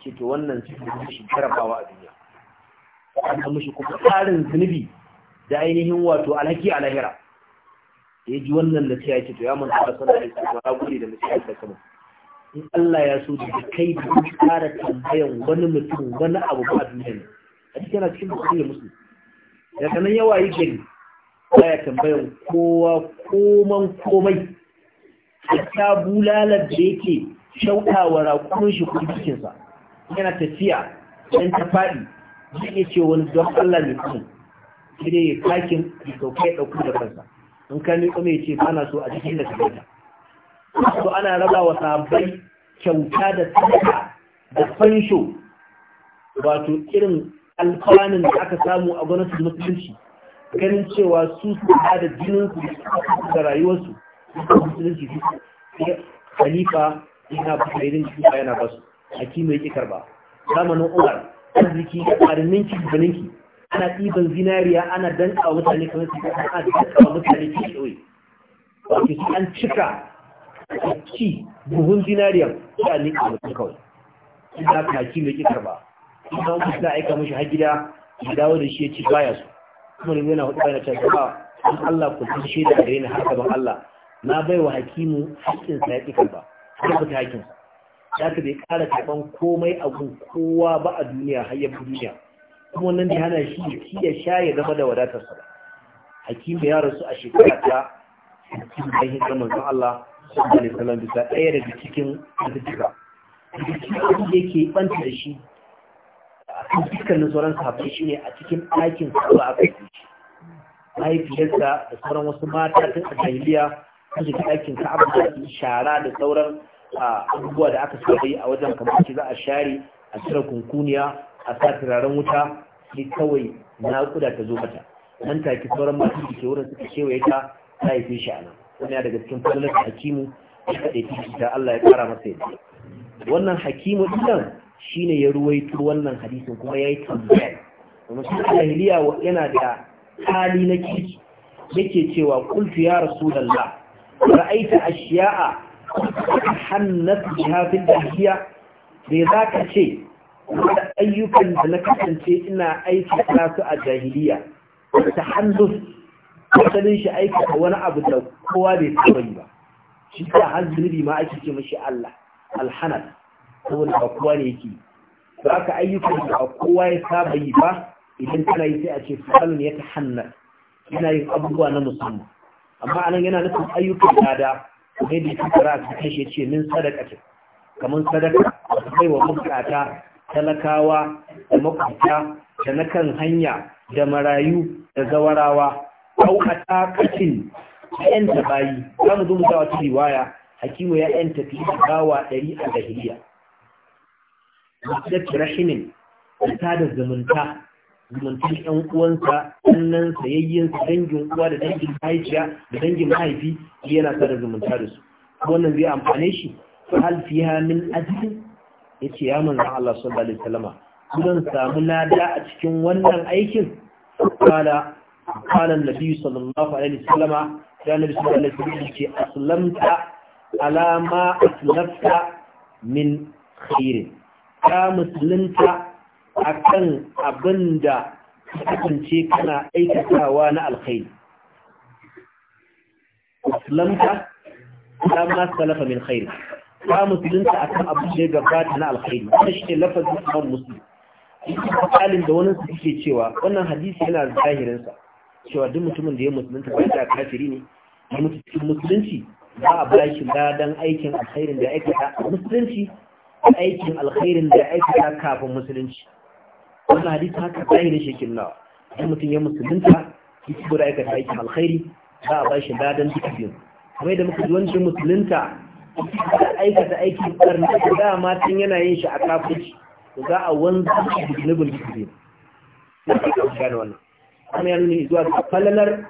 Speaker 1: ce to wannan su da shi karabawa a duniya an mushi kuma tsarin zunubi da ainihin wato alhaki a lahira ya ji wannan da ya ce to ya manta da sanar da kuma ya da mutum da kuma in Allah ya so da kai da kuma ƙara tambayan wani mutum wani abu ba duniya ne a cikin yana cikin mutum da musu ya kanan yawa yi gari ya tambayan kowa koman komai ta bulalar da yake shautawa rakunan shi kuma yana tafiya don ta faɗi zai iya ce wani don Allah ne kuma sai ya kakin da sauka ya ɗauko da kansa in ka miƙo mai ce ba na so a cikin da kabaita to ana raba wa sabai kyauta da tsaka da fansho wato irin alfanin da aka samu a gwamnatin musulunci ganin cewa su su ba da su da rayuwarsu su musulunci su khalifa yana ba da irin jikin yana ba su hakimi yake karba zamanin umar arziki da da baninki ana ɗiban zinariya ana danka wa mutane kamar su ana danka wa mutane ke ɗoyi wato an cika ci buhun zinariya su a mutum kawai in za ka hakim mai ƙi ba. in za mu aika mashi har gida ya dawo da shi ya ci baya su kuma ne yana hudu bayan ta ba in Allah ku ci shi da gare ni har gaban Allah na bai wa hakimu sa ya ƙi karɓa ya ta haƙƙinsa ya ka bai ƙara karɓan komai a gun kowa ba a duniya har duniya kuma wannan da hana shi ya ci ya sha ya zama da wadatar ba. hakim ya rasu a shekara ta cikin bayan zaman san Allah sallallahu alaihi wasallam bisa ɗaya daga cikin azuka cikin da yake banta da shi a kan dukkanin sauran sahabbai shine a cikin ɗakin sa a kai mahaifiyarsa da sauran wasu mata tun a jahiliya sun shiga ɗakin ka'aba da su shara da sauran ah, abubuwa da aka saba a wajen kamar ki za a share a cire kunkuniya a sa turaren wuta sai kawai naƙuda ta zo mata nan take sauran masu da ke wurin suka kewaye ta ta haife shi a nan wani daga cikin fadlar hakimu ya kaɗe ta Allah ya ƙara masa yadda wannan hakimu ɗin shine ya ruwaito wannan hadisin kuma ya yi tambaya domin su jahiliya yana da hali na kirki yake cewa kuntu ya rasulallah ra'aita ashiya'a hannat biha fil dahiya me za ka ce ayyukan da na kasance ina aiki su a jahiliya ta hannun asalin shi a wani abu da kowa bai taba yi ba shi ta hanzuri ma ake ce mashi Allah alhanat saboda ba kowa ne yake ba ka ayyukan da ba kowa ya saba yi ba idan kana yi sai a ce falon ya ta hannar yana yin abubuwa na musamman amma anan yana nufin ayyukan lada kuma yadda ya fi kara a cikin shi ce min sadaka ce kamar sadaka a kai wa mabukata talakawa da makwabta da na kan hanya da marayu da zawarawa au a takacin yan tabayi bayi za mu zo mu riwaya hakimu ya yan tafi da bawa ɗari a jahiliya da rahimin da ta da zumunta zumuntar yan uwansa sannan sayayyinsa dangin uwa da dangin mahaifiya da dangin mahaifi yana sa da zumunta da su wannan zai amfane shi fa hal fiha min ajli yace ya manzo Allah sallallahu alaihi wasallama zan samu lada a cikin wannan aikin kala kala nabi sallallahu alaihi wasallama ya nabi sallallahu alaihi wasallama ce aslamta ala ma aslafta min khairin ka musulunta akan abinda kasance kana aikatawa na alkhairi aslamta ala ma salafa min khairin ta musulunta a kan abin da ya gabata na alkhairi wani shi ne lafazin imam musulun ita misalin da wani su suke cewa wannan hadisi yana zahirinsa cewa duk mutumin da ya musulunta ba da kafiri ne ya musulunci za a ba shi ladan aikin alkhairin da ya aikata musulunci aikin alkhairin da aikata kafin musulunci wannan hadisi haka zahirin shekin nawa duk mutum ya musulunta ya ci aikata aikin alkhairi za a ba shi ladan duka biyu kamar yadda muka ji wancan musulunta aikata aikin karni da dama tun yana yin shi a kafirci za a wanzu da zunubin na kafin gane wannan kuma ya nuna zuwa ga falalar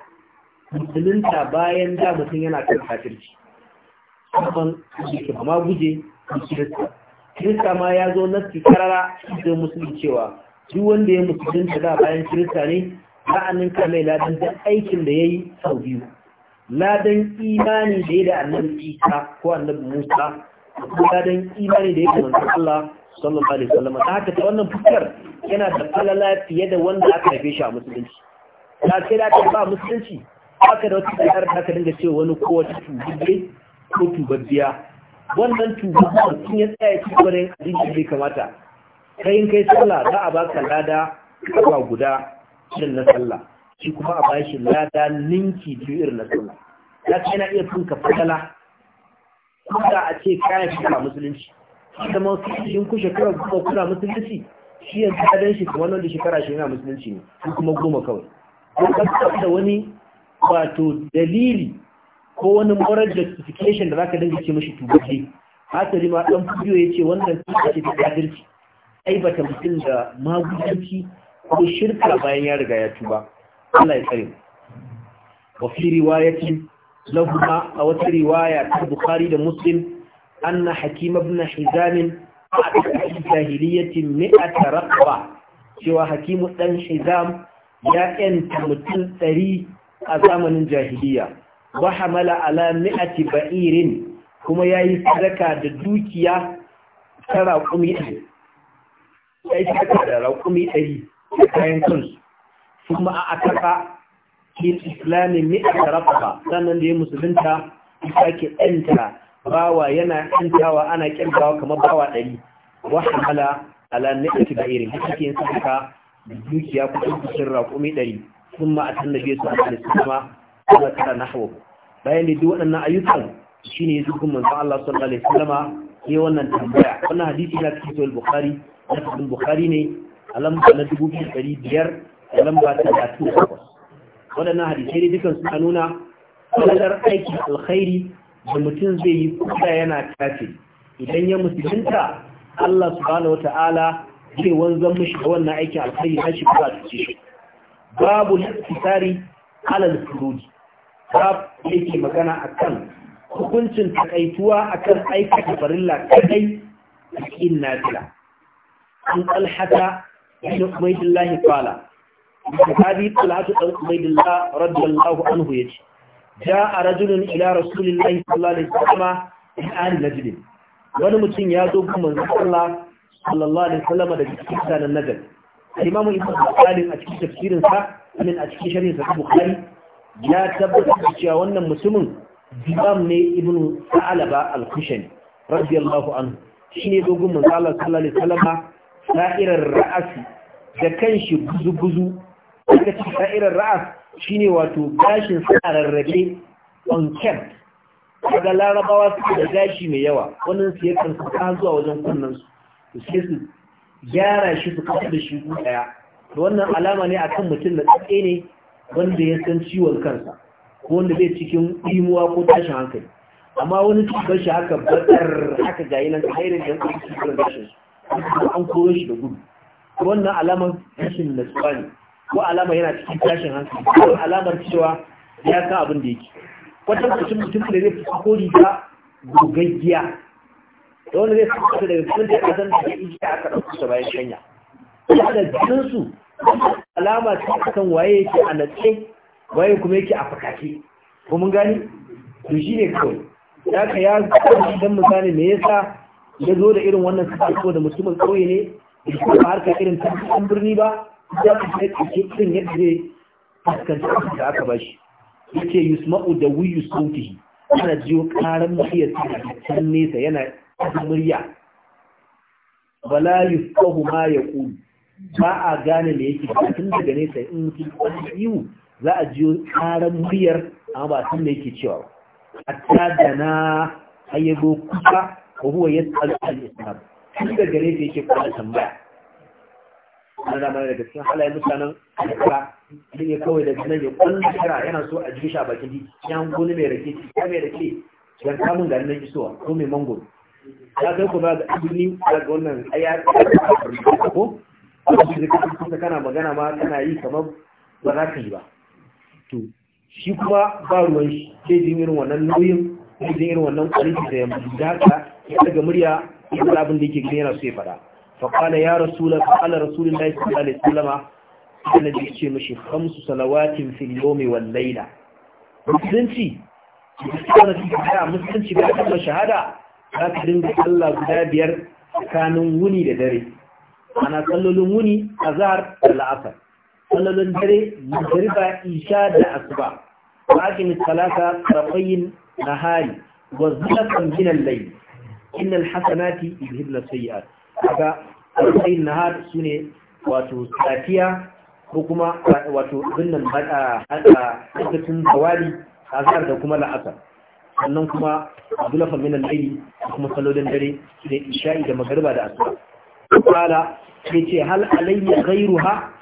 Speaker 1: musulunta bayan da mutum yana kan kafirci kuma ke ma guje kirista kirista ma ya zo na karara da musulun cewa duk wanda ya musulunta da bayan kirista ne za a ninka mai ladan da aikin da ya yi sau biyu ladan imani da ya da annabi isa ko annabi musa ladan imani da ya da manzon Allah sallallahu alaihi wasallam ta haka ta wannan fuskar yana da falala fiye da wanda aka haife shi a musulunci ta ce da ta ba musulunci aka da wata tsayar da aka dinga cewa wani ko wata tubabbe ko tubabbiya wannan tubabbe sun ya tsaya cikin wani addini da kamata kai in kai sallah za a baka lada kaba guda shin na sallah shi kuma a bashi lada ninki biyu irin na sallah ya ce yana iya kafa dala ko da a ce kayan shi kuma musulunci shi zama kushe shekara kuma kuna musulunci shi yanzu kadan shi kamar wanda shekara shi yana musulunci ne shi kuma goma kawai ko ka da wani wato dalili ko wani moral justification da zaka dinga ce mashi tubaje hasali ma dan ya yace wannan shi ce ta kafirci ai bata mutum da magudanci ko shirka bayan ya riga ya tuba Allah ya tsare wa fi riwayatin lahuma a wata riwaya ta Bukhari da Muslim anna Hakim ibn Hizam a jahiliyatin mi'ata raqaba cewa Hakim dan Hizam ya yanta mutum ɗari a zamanin jahiliya wa hamala ala mi'ati ba'irin kuma yayi sadaka da dukiya ta kumi ɗari ya da raƙumi ɗari kayan kansu ثم أعتقى في الإسلام مئة رقبة سنة دي مسلمتا يساكي أنت باوا ينا أنت وأنا كنت وكما باوا علي وحمل على نئة بعير يساكي ينسحك بيوكيا كتب سر وقومي داري ثم أتى النبي صلى الله عليه وسلم وترى نحوه bayan da duk waɗannan ayyukan shine yanzu kuma manzo Allah sallallahu alaihi wasallama yi wannan tambaya wannan hadisi na cikin sahih bukhari na cikin bukhari ne a lamba na 2500 da lamba talatin da takwas waɗannan hadisai ne dukan su nuna kwanar aikin alkhairi da mutum zai yi kuka yana kafin idan ya musulunta Allah subhanahu ta'ala zai wanzan mishi da wannan aikin alkhairi na shi ba su ce babu tsari alal furuji babu yake magana akan hukuncin takaituwa akan aikata farilla kadai a cikin nafila an talhata bin ubaidillahi kwala. sahabi talatu dan ubaidillah radiyallahu anhu yace jaa rajulun ila rasulillahi sallallahu alaihi wasallam min ahli najd wani mutum ya zo ga manzon Allah sallallahu alaihi wasallam da cikin sanan najd imamu ibnu qasim a cikin tafsirin sa amin a cikin sharhin sa bukhari ya tabbata cewa wannan mutumin imam ne ibnu sa'alaba al-kushani radiyallahu anhu shine dogon manzon Allah sallallahu alaihi wasallam sa'irar ra'asi da kanshi guzu-guzu daga cikin sa'irar ra'as ne wato gashin suna rarrabe on kept daga larabawa suke da gashi mai yawa wannan su ya kan zuwa wajen kunnan su sai su gyara shi su da shi ku daya da wannan alama ne akan mutum da tsaye ne wanda ya san ciwon kansa ko wanda zai cikin imuwa ko tashin hankali amma wani cikin shi haka batar haka gayi nan hairin da yankin cikin gashin su an koyo shi da gudu wannan alaman rashin natsuwa ne ko alama yana cikin tashin hankali ko alamar cewa ya ka abin da yake wata mutum mutum da zai fi ko riga gogaggiya da wani zai fita daga cikin da ya da ya a aka ɗauki sa bayan shanya ya da jinsu alama ce kan waye yake a natse waye kuma yake a fakake ko mun gani to shi ne kawai ya ka ya kawai idan misali me yasa ya zo da irin wannan suka ko da mutumin kauye ne ba harka irin tafi birni ba ya kashe kake ɗin yadda zai fuskanci abin da aka bashi yake yusma'u da wuyu sautihi ana jiyo karan muryar ta can nesa yana cikin murya wala yufahu ma yaqulu ba a gane me yake tun daga nesa in mutum ya yiwu za a jiyo karan muryar amma ba san me yake cewa hatta da na hayyago kusa ko huwa yas'alu al-islam tun daga nesa yake kuma tambaya ana mana daga cikin halaye mutanen alƙara sun yi kawai daga nan ya kwallon kira yana so a a bakin ji ya hankali mai rake ya mai rake don kamun garin nan isowa ko mai mangoro ya kai kuma ga abinni ga wannan ayar ko abin da kake kusa kana magana ma kana yi kamar ba za ka yi ba to shi kuma ba ruwan shi sai jin irin wannan nauyin sai jin irin wannan kwalifi da ya daga ya daga murya ya abin da yake gina yana so ya faɗa فقال يا رسول فقال رسول الله صلى الله عليه وسلم الذي يشي مشي خمس صلوات في اليوم والليلة مسلمتي مسلمتي بأكبر شهادة za ka dinga Allah guda biyar tsakanin wuni da dare ana tsallolin wuni a zahar da la'asar tsallolin dare magariba isha da asuba lakin talaka tsarafayin nahari wa ginan layi innal hasanati yuzhibna sayyi'at alfa'in na har su ne wato safiya ko kuma wato zinnan bada hada lokacin a azhar da kuma la'asar sannan kuma abdulafa minan al-layli kuma salodin dare ne isha'i da magariba da asuba kala ce hal alayya ha.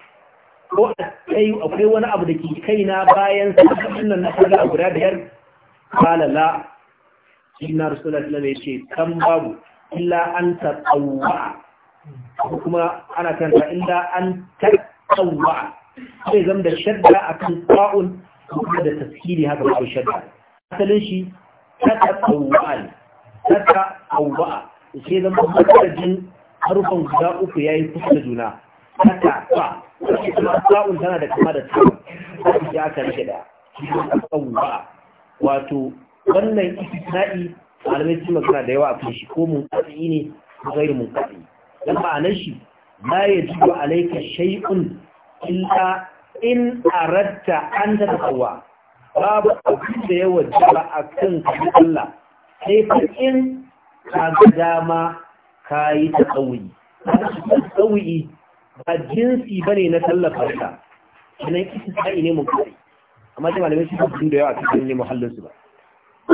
Speaker 1: ko akai akwai wani abu da ke kaina bayan sannan na kula guda da yar kala la inna rasulullahi sallallahu alaihi ya ce kan babu illa an tatawwa kuma ana kanta inda an tattawa sai zama da shadda a kan ta'un kuma da taskiri haka babu shadda asalin shi tattawa ne tattawa sai zama makarajin harufan guda uku ya yi kusa da juna tattawa kuma ta'un tana da kama da ta'un sai ya aka rike da tattawa wato wannan istisna'i malamai sun magana da yawa a kan shi ko mun katsi ne ko gairu mun katsi dan ma'anar shi ya yajibu alayka shay'un illa in aratta an tatawwa babu abu da ya wajaba akan ka Allah sai ka in ka ga dama ka yi kayi tatawwi tatawwi ba jinsi ba ne na tallafa ka sanan istisai ne mun kai amma dai malamai su da yawa cikin ne muhallinsu ba. ba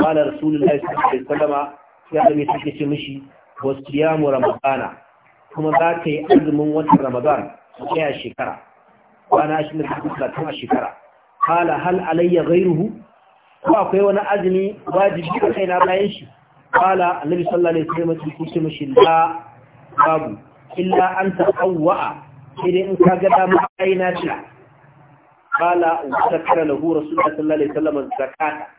Speaker 1: qala rasulullahi sallallahu alaihi wasallam ya da mai take ce mishi wasu yamu ramadana kuma za ka yi azumin watan ramadan ɗaya shekara kwana ashirin da talatin a shekara kala hal alayya gairuhu ko akwai wani azumi wajibi a kaina bayan shi kala annabi sallallahu alaihi wasallam ya ce mashi la babu illa an taqawwa sai dai in ka ga dama aina ta kala wa zakara lahu rasulullahi sallallahu alaihi wasallam zakata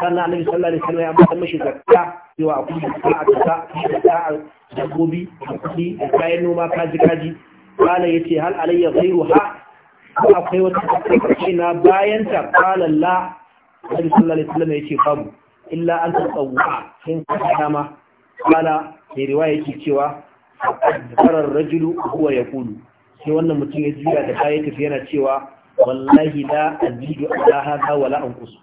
Speaker 1: sannan annabi sallallahu alaihi wasallam ya bada mashi zakka cewa akwai zakka a kasa zakka a dabbobi da kuɗi da kayan noma kaji kaji kala yace hal alayya ghayruha ko akwai wata zakka na bayan ta kala la annabi sallallahu alaihi wasallam yace babu illa an tsawwa in ka dama kala mai riwaya yake cewa farar rajulu huwa yaqulu sai wannan mutum ya jira da baya tafi yana cewa wallahi la azidu ala hada wala anqusu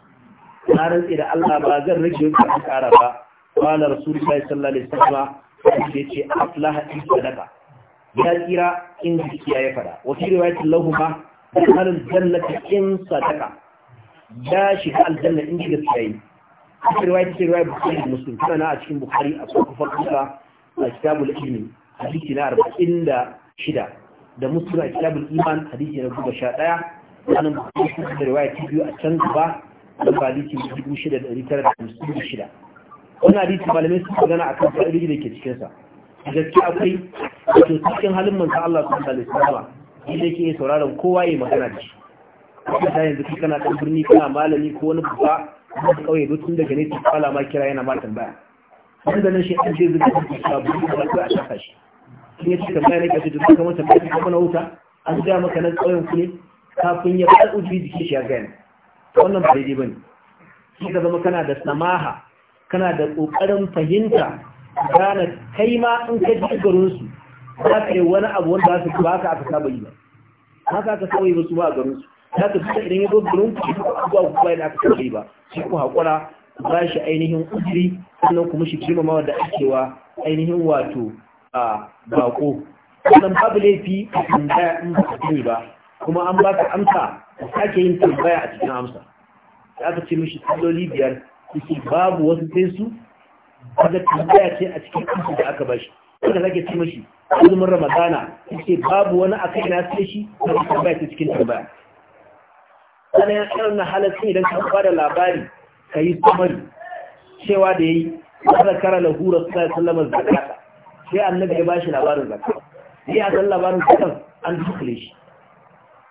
Speaker 1: na rantsi da Allah ba zan rage wani kara ba qala rasulullahi sallallahu alaihi wasallam sai ce aflaha in sadaka ya tsira in gaskiya ya fada wa fi riwayatin lahuma halin jannati in sadaka ya shiga aljanna in gaskiya yi في رواية في رواية a ومسلم كما أنا أشكين بخاري أبوك فرقها كتاب العلم حديث نار إلا شدة ده مسلم كتاب الإيمان حديث نبوة شاتايا أنا بخاري biyu a تبيو أتنقبة da hadisi 6956 wannan hadisi malamai sun a kan fa'idoji da ke cikinsa. sa gaskiya akwai wato cikin halin manzo Allah sallallahu alaihi wasallam yadda ke sauraron kowa yayin magana da shi kuma ta yanzu kana dan birni kana malami ko wani babba ko kauye duk tun daga ne ta kala ma kira yana ma tambaya wani da nan shi an je zuwa da sabu da ko a saka shi shi ne tambaya ne kace duk kamar tambaya ko na wuta an gaya maka nan kauyen ku ne kafin ya fadu jiki shi ya gani wannan ba daidai bane shi ka zama kana da samaha kana da kokarin fahimta gane kai ma in ka ji garin su za ka yi wani abu wanda za su ba ka aka saba yi ba ka aka saba yi ba su ba a garin su za ka fita idan ya zo garin ku ku ba ku ba aka saba yi ba shi ku haƙura ba shi ainihin ujiri sannan kuma shi girmamawa da wa ainihin wato a bako wannan babu laifi a tambaya in ba ka yi ba kuma an ba ka amsa ka sake yin tambaya a cikin amsa da aka ce mishi tsalloli biyar yake babu wasu sai su kaga tambaya ce a cikin kansu da aka bashi wanda zake ce mishi azumin ramadana yake babu wani a kai na sai shi kaga tambaya ce cikin tambaya sana ya tsara na halatta idan ka ba da labari ka yi samari cewa da ya yi wata kara lahura su sai sallama zakata sai annabi ya bashi labarin zakata ya san labarin zakan an dukule shi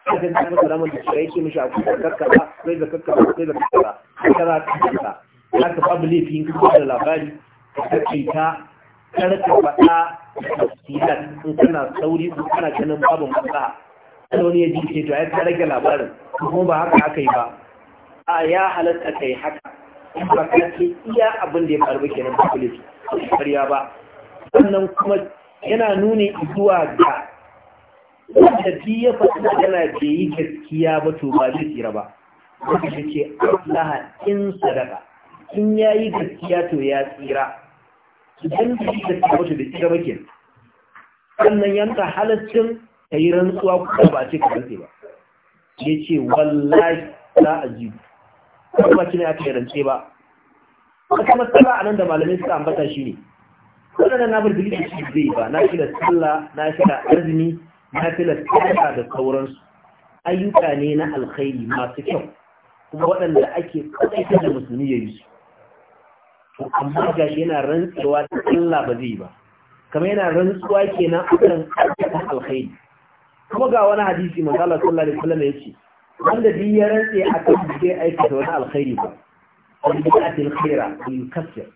Speaker 1: sai ka zama salamun da shi ya yake mishi a kusa karkara akwai zakar kaza akwai da kaza kaza kaza ya ka babu laifin kuma da labari ka kai ta karka faɗa tafsiran in kana sauri ko kana ganin babu maslaha sai wani ya ji ce to ai ka rage labarin kuma ba haka aka yi ba a ya halatta yi haka in ba ka ce iya abin da ya faru ba kenan babu laifin ƙarya ba sannan kuma yana nuni zuwa ga wanda bi ya faɗi yana bai yi gaskiya ba to ba zai tsira ba wanda shi ce aflaha in sadaka in ya yi gaskiya to ya tsira Su idan da shi gaskiya wata da tsira ba sannan yanka halaccin ta yi rantsuwa kuma ba ce ka rantse ba ya ce wallahi za a ji kuma ba ci ne aka yi rantse ba wata matsala a nan da malamai suka ambata shi ne waɗannan na birbili da shi zai ba na fi da tsalla na fi da arzini na fi da da sauransu ayyuka ne na alkhairi masu kyau kuma waɗanda ake kaɗaita da musulmi ya yi su amma ga shi yana rantsuwa da Allah ba zai ba kamar yana rantsuwa kenan kan ƙarfafa alkhairi kuma ga wani hadisi manzo Allah sallallahu alaihi wasallam yace wanda duk ya rantse akan zai aikata wani alkhairi ba wani bid'atil alkhaira ko yukaffir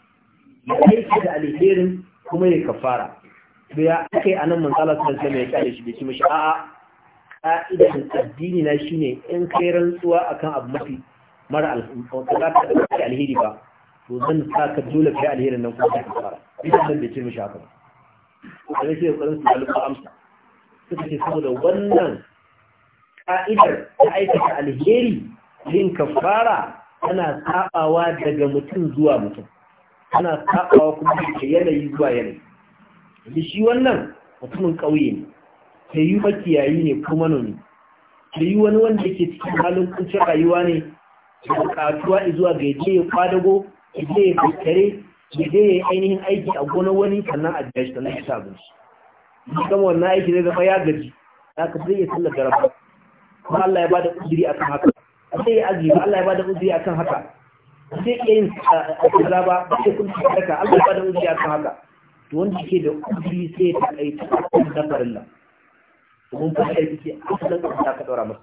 Speaker 1: ya da alkhairin kuma ya kafara to ya kai anan manzo Allah sallallahu alaihi wasallam ya kare shi bai ci mishi a'a ka'idan addini na shine in kai rantsuwa akan abu mafi mara alheri ba to zan sa ka dole kai alherin nan kuma ka fara bisa zan bai ce mishi haka shi da yake kokarin su amsa suka ce saboda wannan ka'idar ta aikata alheri yin kafara tana sabawa daga mutum zuwa mutum tana sabawa kuma daga yanayi zuwa yanayi shi wannan mutumin ƙauye ne ta yi makiyayi ne ko manomi ta yi wani wanda ke cikin halin kuncin rayuwa ne da buƙatuwa zuwa ga yaje ya kwadago yaje ya fitare yaje ya yi ainihin aiki a gonar wani sannan a jashi sannan ya sabon shi shi kama wannan aiki zai zama ya gaji Ya ka zai iya sallar garaba kuma Allah ya ba da a kan haka sai ya azumi Allah ya ba da a kan haka zai iya yin kaza ba ba sai kun sadaka Allah ya ba da a kan haka to wanda ke da uzuri sai ya taƙaita a kan dafarin Allah domin ba kai kike asalin da ka daura masa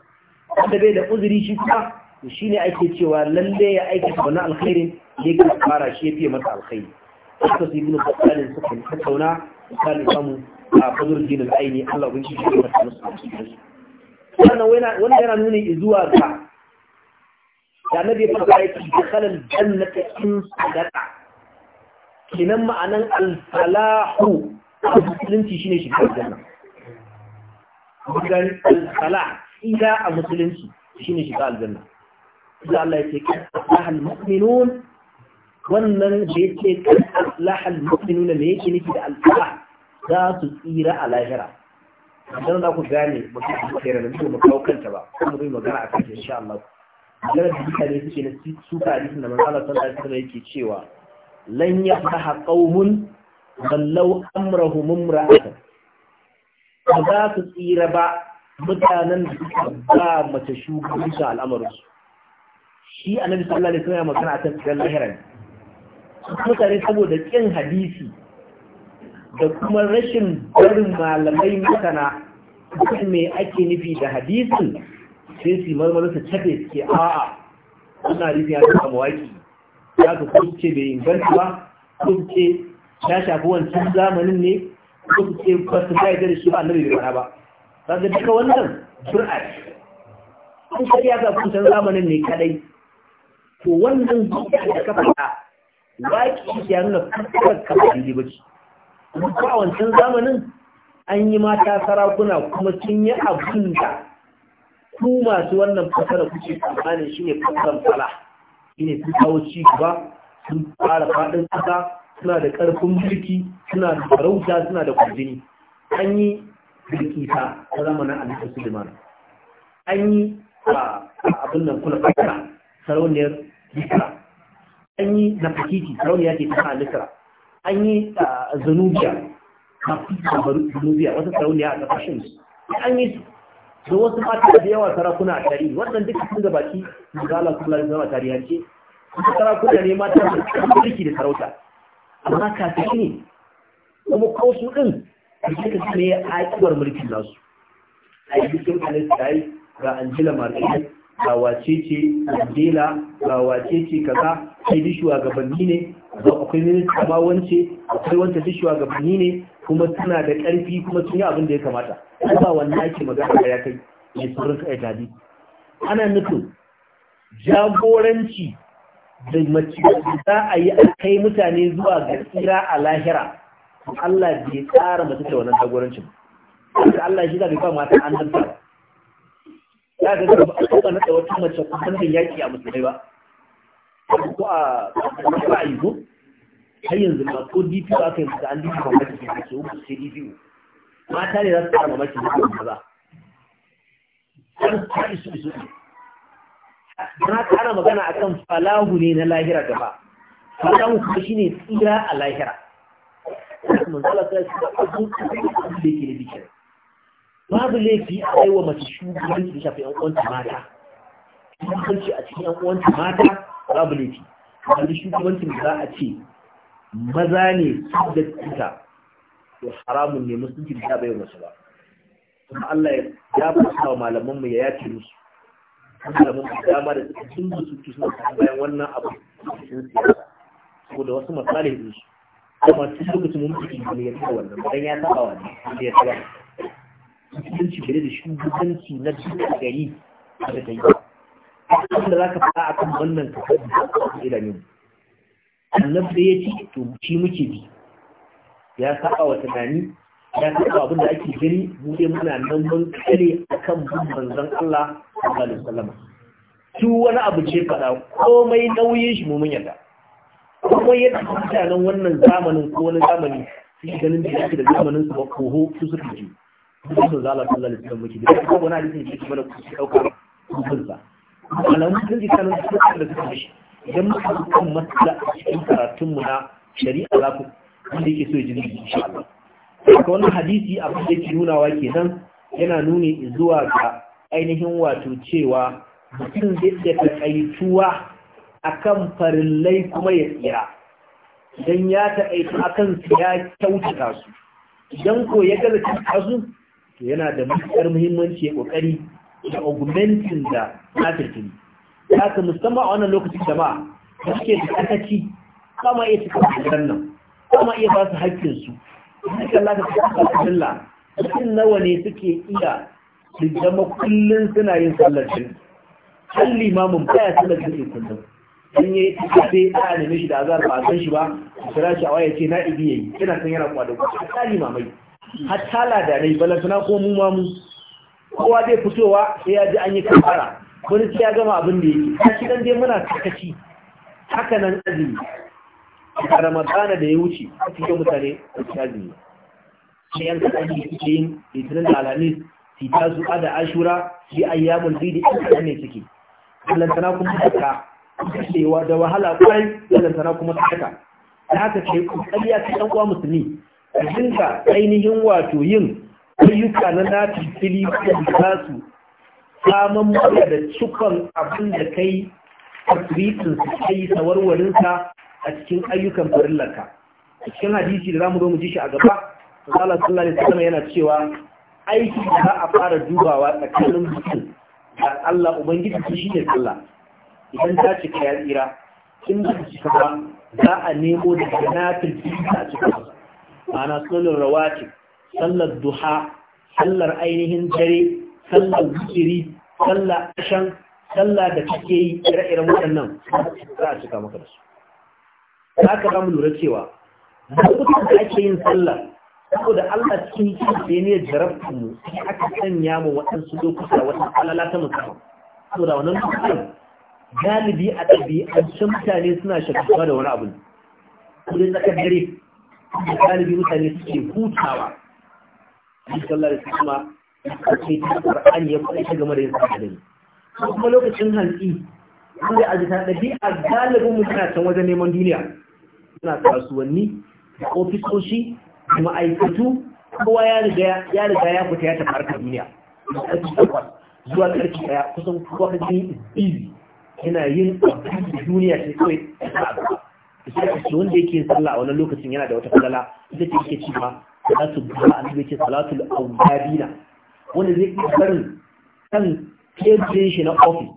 Speaker 1: wanda bai da uzuri shi kuma to shine ake cewa lalle ya aiki wani alkhairi ne ka fara shi ya fiye masa alkhairi suka su ibnu su kan tattauna misali samu a fadul din al-aini Allah ubin shi shi ka musu wannan wanda yana nuni zuwa ga da nabi ya fara yake kalan jannata in sadaqa kinan ma'anan al shi musulunci shine shiga aljanna bugan al-sala ida a musulunci shine shiga aljanna idan Allah ya yake lahal mu'minun wannan da yake lahal mu'minuna me yake nufi da al za su tsira a lahira dan za ku gane ba ku tsira da ku kawo kanta ba kuma zai magana akan shi insha Allah magana da mutane suke na suka hadisin da manzo Allah sallallahu alaihi wasallam yake cewa lan yaftaha qaumun ballau amrahum imra'atan ba za su tsira ba mutanen da suka ba mace su al'amarinsu shi annabi sallallahu alaihi wasallam magana a tsiran lahiran mutane saboda ƙin hadisi da kuma rashin barin malamai masana mai ake nufi da hadisin sai su marmarin su cafe suke a'a suna rufi ya kama mawaki ya ka kuce bai inganta ba kuce ya shafi wancan zamanin ne ko su ce ba su ba shi ba annabi bai fara ba kaga duka wannan sur'a ce kun sai ga kun san zamanin ne kadai to wannan zuciya da ka faɗa waki ya nuna fuskar ka ba daidai ba ce ko wancan zamanin an yi mata sarakuna kuma sun yi abin da ku masu wannan fasara kuke tsammanin shi ne fasarar fala shi ne sun kawo ci gaba sun fara faɗin ƙasa suna da ƙarfin mulki suna da farauta suna da kwarjini an yi bilkisa ta zamanin alifu suleiman an yi abin nan kula fakara sarauniyar bisra an yi na fakiti sarauniya ke ta alisra an yi zanubiya mafisa zanubiya wata sarauniya a ƙasashen an yi da wasu mata da yawa sarakuna a tarihi wannan duk sun gabaki da ala kuma tari tarihi ce sarakuna ne mata da mulki da sarauta amma kafirai ne kuma ko su din sai ka ne aƙibar mulkin nasu a yi bikin alistai ga angela merkel ga wace ce angela ga wace ce kaza sai duk shugabanni ne ba akwai minista ba wance akwai wanta duk shugabanni ne kuma suna da ƙarfi kuma sun yi abin da ya kamata ba wannan ake magana da ya kai mai saurin kai gadi ana nufin jagoranci da mace za a yi a kai mutane zuwa ga tsira a lahira Allah bai tsara mace da wannan jagorancin da Allah shi zai ba mata an danta ya ga ba a na nada wata mace kuma da yaki a musulmai ba ko a ba yi ko har yanzu ba ko DPO aka yi da an dinka mace ke ce ko sai DPO mata ne za su tsara mace da maza su ta isu isu don haka ana magana akan falahu ne na lahira gaba falahu kuma shine tsira a lahira zala ta shi da abin da ke da bikin babu laifi a yi wa mace shugabanci da shafi 'yan uwanta mata shugabanci a cikin 'yan uwanta mata babu laifi wani shugabancin da za a ce maza ne su da cuta to haramun ne musulunci da bai wasu ba kuma Allah ya fasa wa malamanmu ya yace musu da malamin dama da suka cin da suke suna bayan wannan abu cikin siyasa ko da wasu masalin din su kuma tun lokacin mun fi ne ya tsaya wannan bayan ya saba wa ne ya tsaya cikin cibiyar da shugabanci na duka gari a da kai abin da za ka faɗa a kan wannan ka faɗi a ilimin annabi da ya ce to ci muke bi ya saba wa tunani ya saba abin da ake gani mu dai muna nan mun kare akan bin manzon Allah sallallahu alaihi su wani abu ce fada komai nauyin shi mun yarda kuma yadda mutanen wannan zamanin ko wani zamani su ganin da yake da zamanin su ba koho su suka ji su zala sallallahu alaihi wasallam muke da kuma wani hadisi ne kuma su dauka kubansa alamun sun ji kanin su da suka shi idan muka kan matsala a cikin karatunmu na shari'a za ku wanda yake so ya ji zai insha Allah. Haka wannan hadisi abin da yake nunawa kenan yana nuni zuwa ga ainihin wato cewa mutum zai da taƙaituwa akan farillai kuma ya tsira don ya taƙaitu akan su ya kyautata su idan ko ya gaza kyautata su to yana da matuƙar muhimmanci ya ƙoƙari da augmentin da nafirkini ya ka musamman a wannan lokacin ba da suke da ƙasaci kama iya cikin kusuran nan kama iya ba su haƙƙinsu su kasa mutum nawa ne suke iya sun zama kullum suna yin sallar har limamin baya sallar jin kullum in yi sai a neme shi da azar ba a san shi ba a kira shi a waya ce na ibi yayi yana san yana kwado hatta limamai hatta ladanai suna ko mu ma kowa zai fitowa sai ya ji an yi kafara wani sai ya gama abin da ya yi kashi ɗan dai muna takaci. haka nan azumi a ramadana da ya wuce a cikin mutane a cikin azumi sai yan ɗan yi suke yin litinin da alamis su ta zuwa da ashura bi ayyamul bidi ne suke lantana kuma haka cewa da wahala kai da lantana kuma haka da haka ce kariya ta cikin uwa musulmi ka ainihin wato yin ayyuka na nati fili da za saman mura da cikon abin da kai tasiritin su kai ka a cikin ayyukan farillarka cikin hadisi da za mu zo mu ji shi a gaba Allah sallallahu alaihi wasallam yana cewa aiki da za a fara dubawa tsakanin mutum da Allah Ubangiji su shi ne idan ta cika ya tsira sun da cika ba za a nemo da ganafin da a cika ba ma'ana sunan rawati sallar duha sallar ainihin dare sallar wujiri sallar ashan sallar da kake yi ire-iren waɗannan za a cika maka da su za ka ramu lura cewa da ake yin sallar saboda Allah cikin kinke ne jarabta mu sai aka sanya mu waɗansu lokuta wata alala ta musamman saboda wannan lokacin galibi a ɗabi'ancin mutane suna shakuwa da wani abu ne kudin tsakar dare galibi mutane suke hutawa da sallallahu alaihi wasallam sai ta ƙar'an ya faɗi game da yin sadaka kuma lokacin hantsi kuma a jita ɗabi'a galibin mutane can wajen neman duniya suna kasuwanni da ofisoshi ma'aikatu kowa ya riga ya fita ya tafi harkar duniya da ƙarfi zuwa karki ɗaya kusan kowa ka ji izi yana yin abin duniya sai kawai ya sa gaba wanda yake sallah a wani lokacin yana da wata falala ita ce yake ci ma salatu duha a ce salatul awabina wanda zai iya barin kan teburin shi na ofis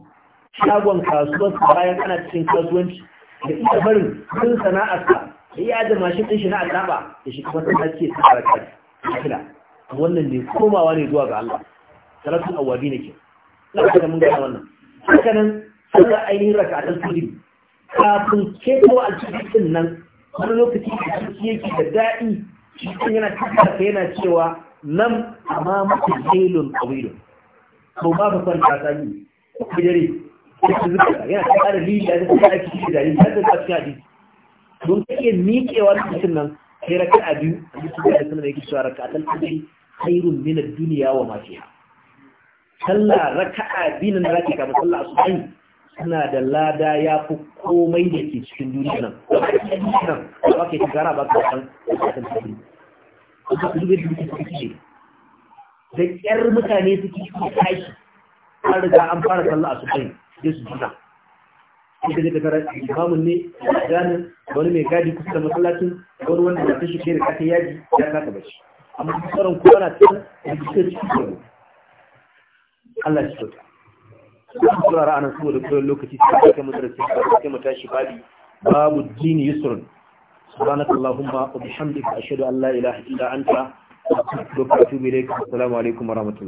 Speaker 1: shagon kasuwarsa bayan ana cikin kasuwanci da iya barin sun sana'arsa iya da mashin ɗin shi na alaba da shi kuma ta ce ta baraka kila wannan ne komawa ne zuwa ga Allah salatu awabi ke na kada mun ga wannan haka nan sallar ainihin raka'atul sujud kafin keto alcikin nan wani lokaci da ciki yake da daɗi shi yana tattaka yana cewa nan amma mafi zailun awilun sau ba ka kwanta sami ko dare yana ta ƙara da a cikin aiki da dalili har da ta cikin hadisi don kake miƙewa lokacin nan sai raka'a biyu a cikin da sanar da yake cewa raka'atul fajr khairun min ad-dunya wa ma fiha sallah raka'a biyu nan zaka kama sallah asubai suna da lada ya fi komai da ke cikin duniya nan nan ba ke gara ba ka san raka'atul fajr kuma ku dubi dubi kike da kyar mutane suke tashi an riga an fara sallah asubai sai su jira ita ne takarar imamun ne ganin wani mai gadi kusa da masallacin wani wanda da ta shige da kata yaji ya kasa bashi amma tsaron kuma na tsaron da suke cikin kwaro Allah shi kyauta kuma turara ana saboda koyon lokaci sai da kai madarasa sai mu shi babi babu dini yusrun سبحانك اللهم وبحمدك أشهد أن لا إله إلا أنت أستغفرك وأتوب إليك السلام عليكم ورحمة الله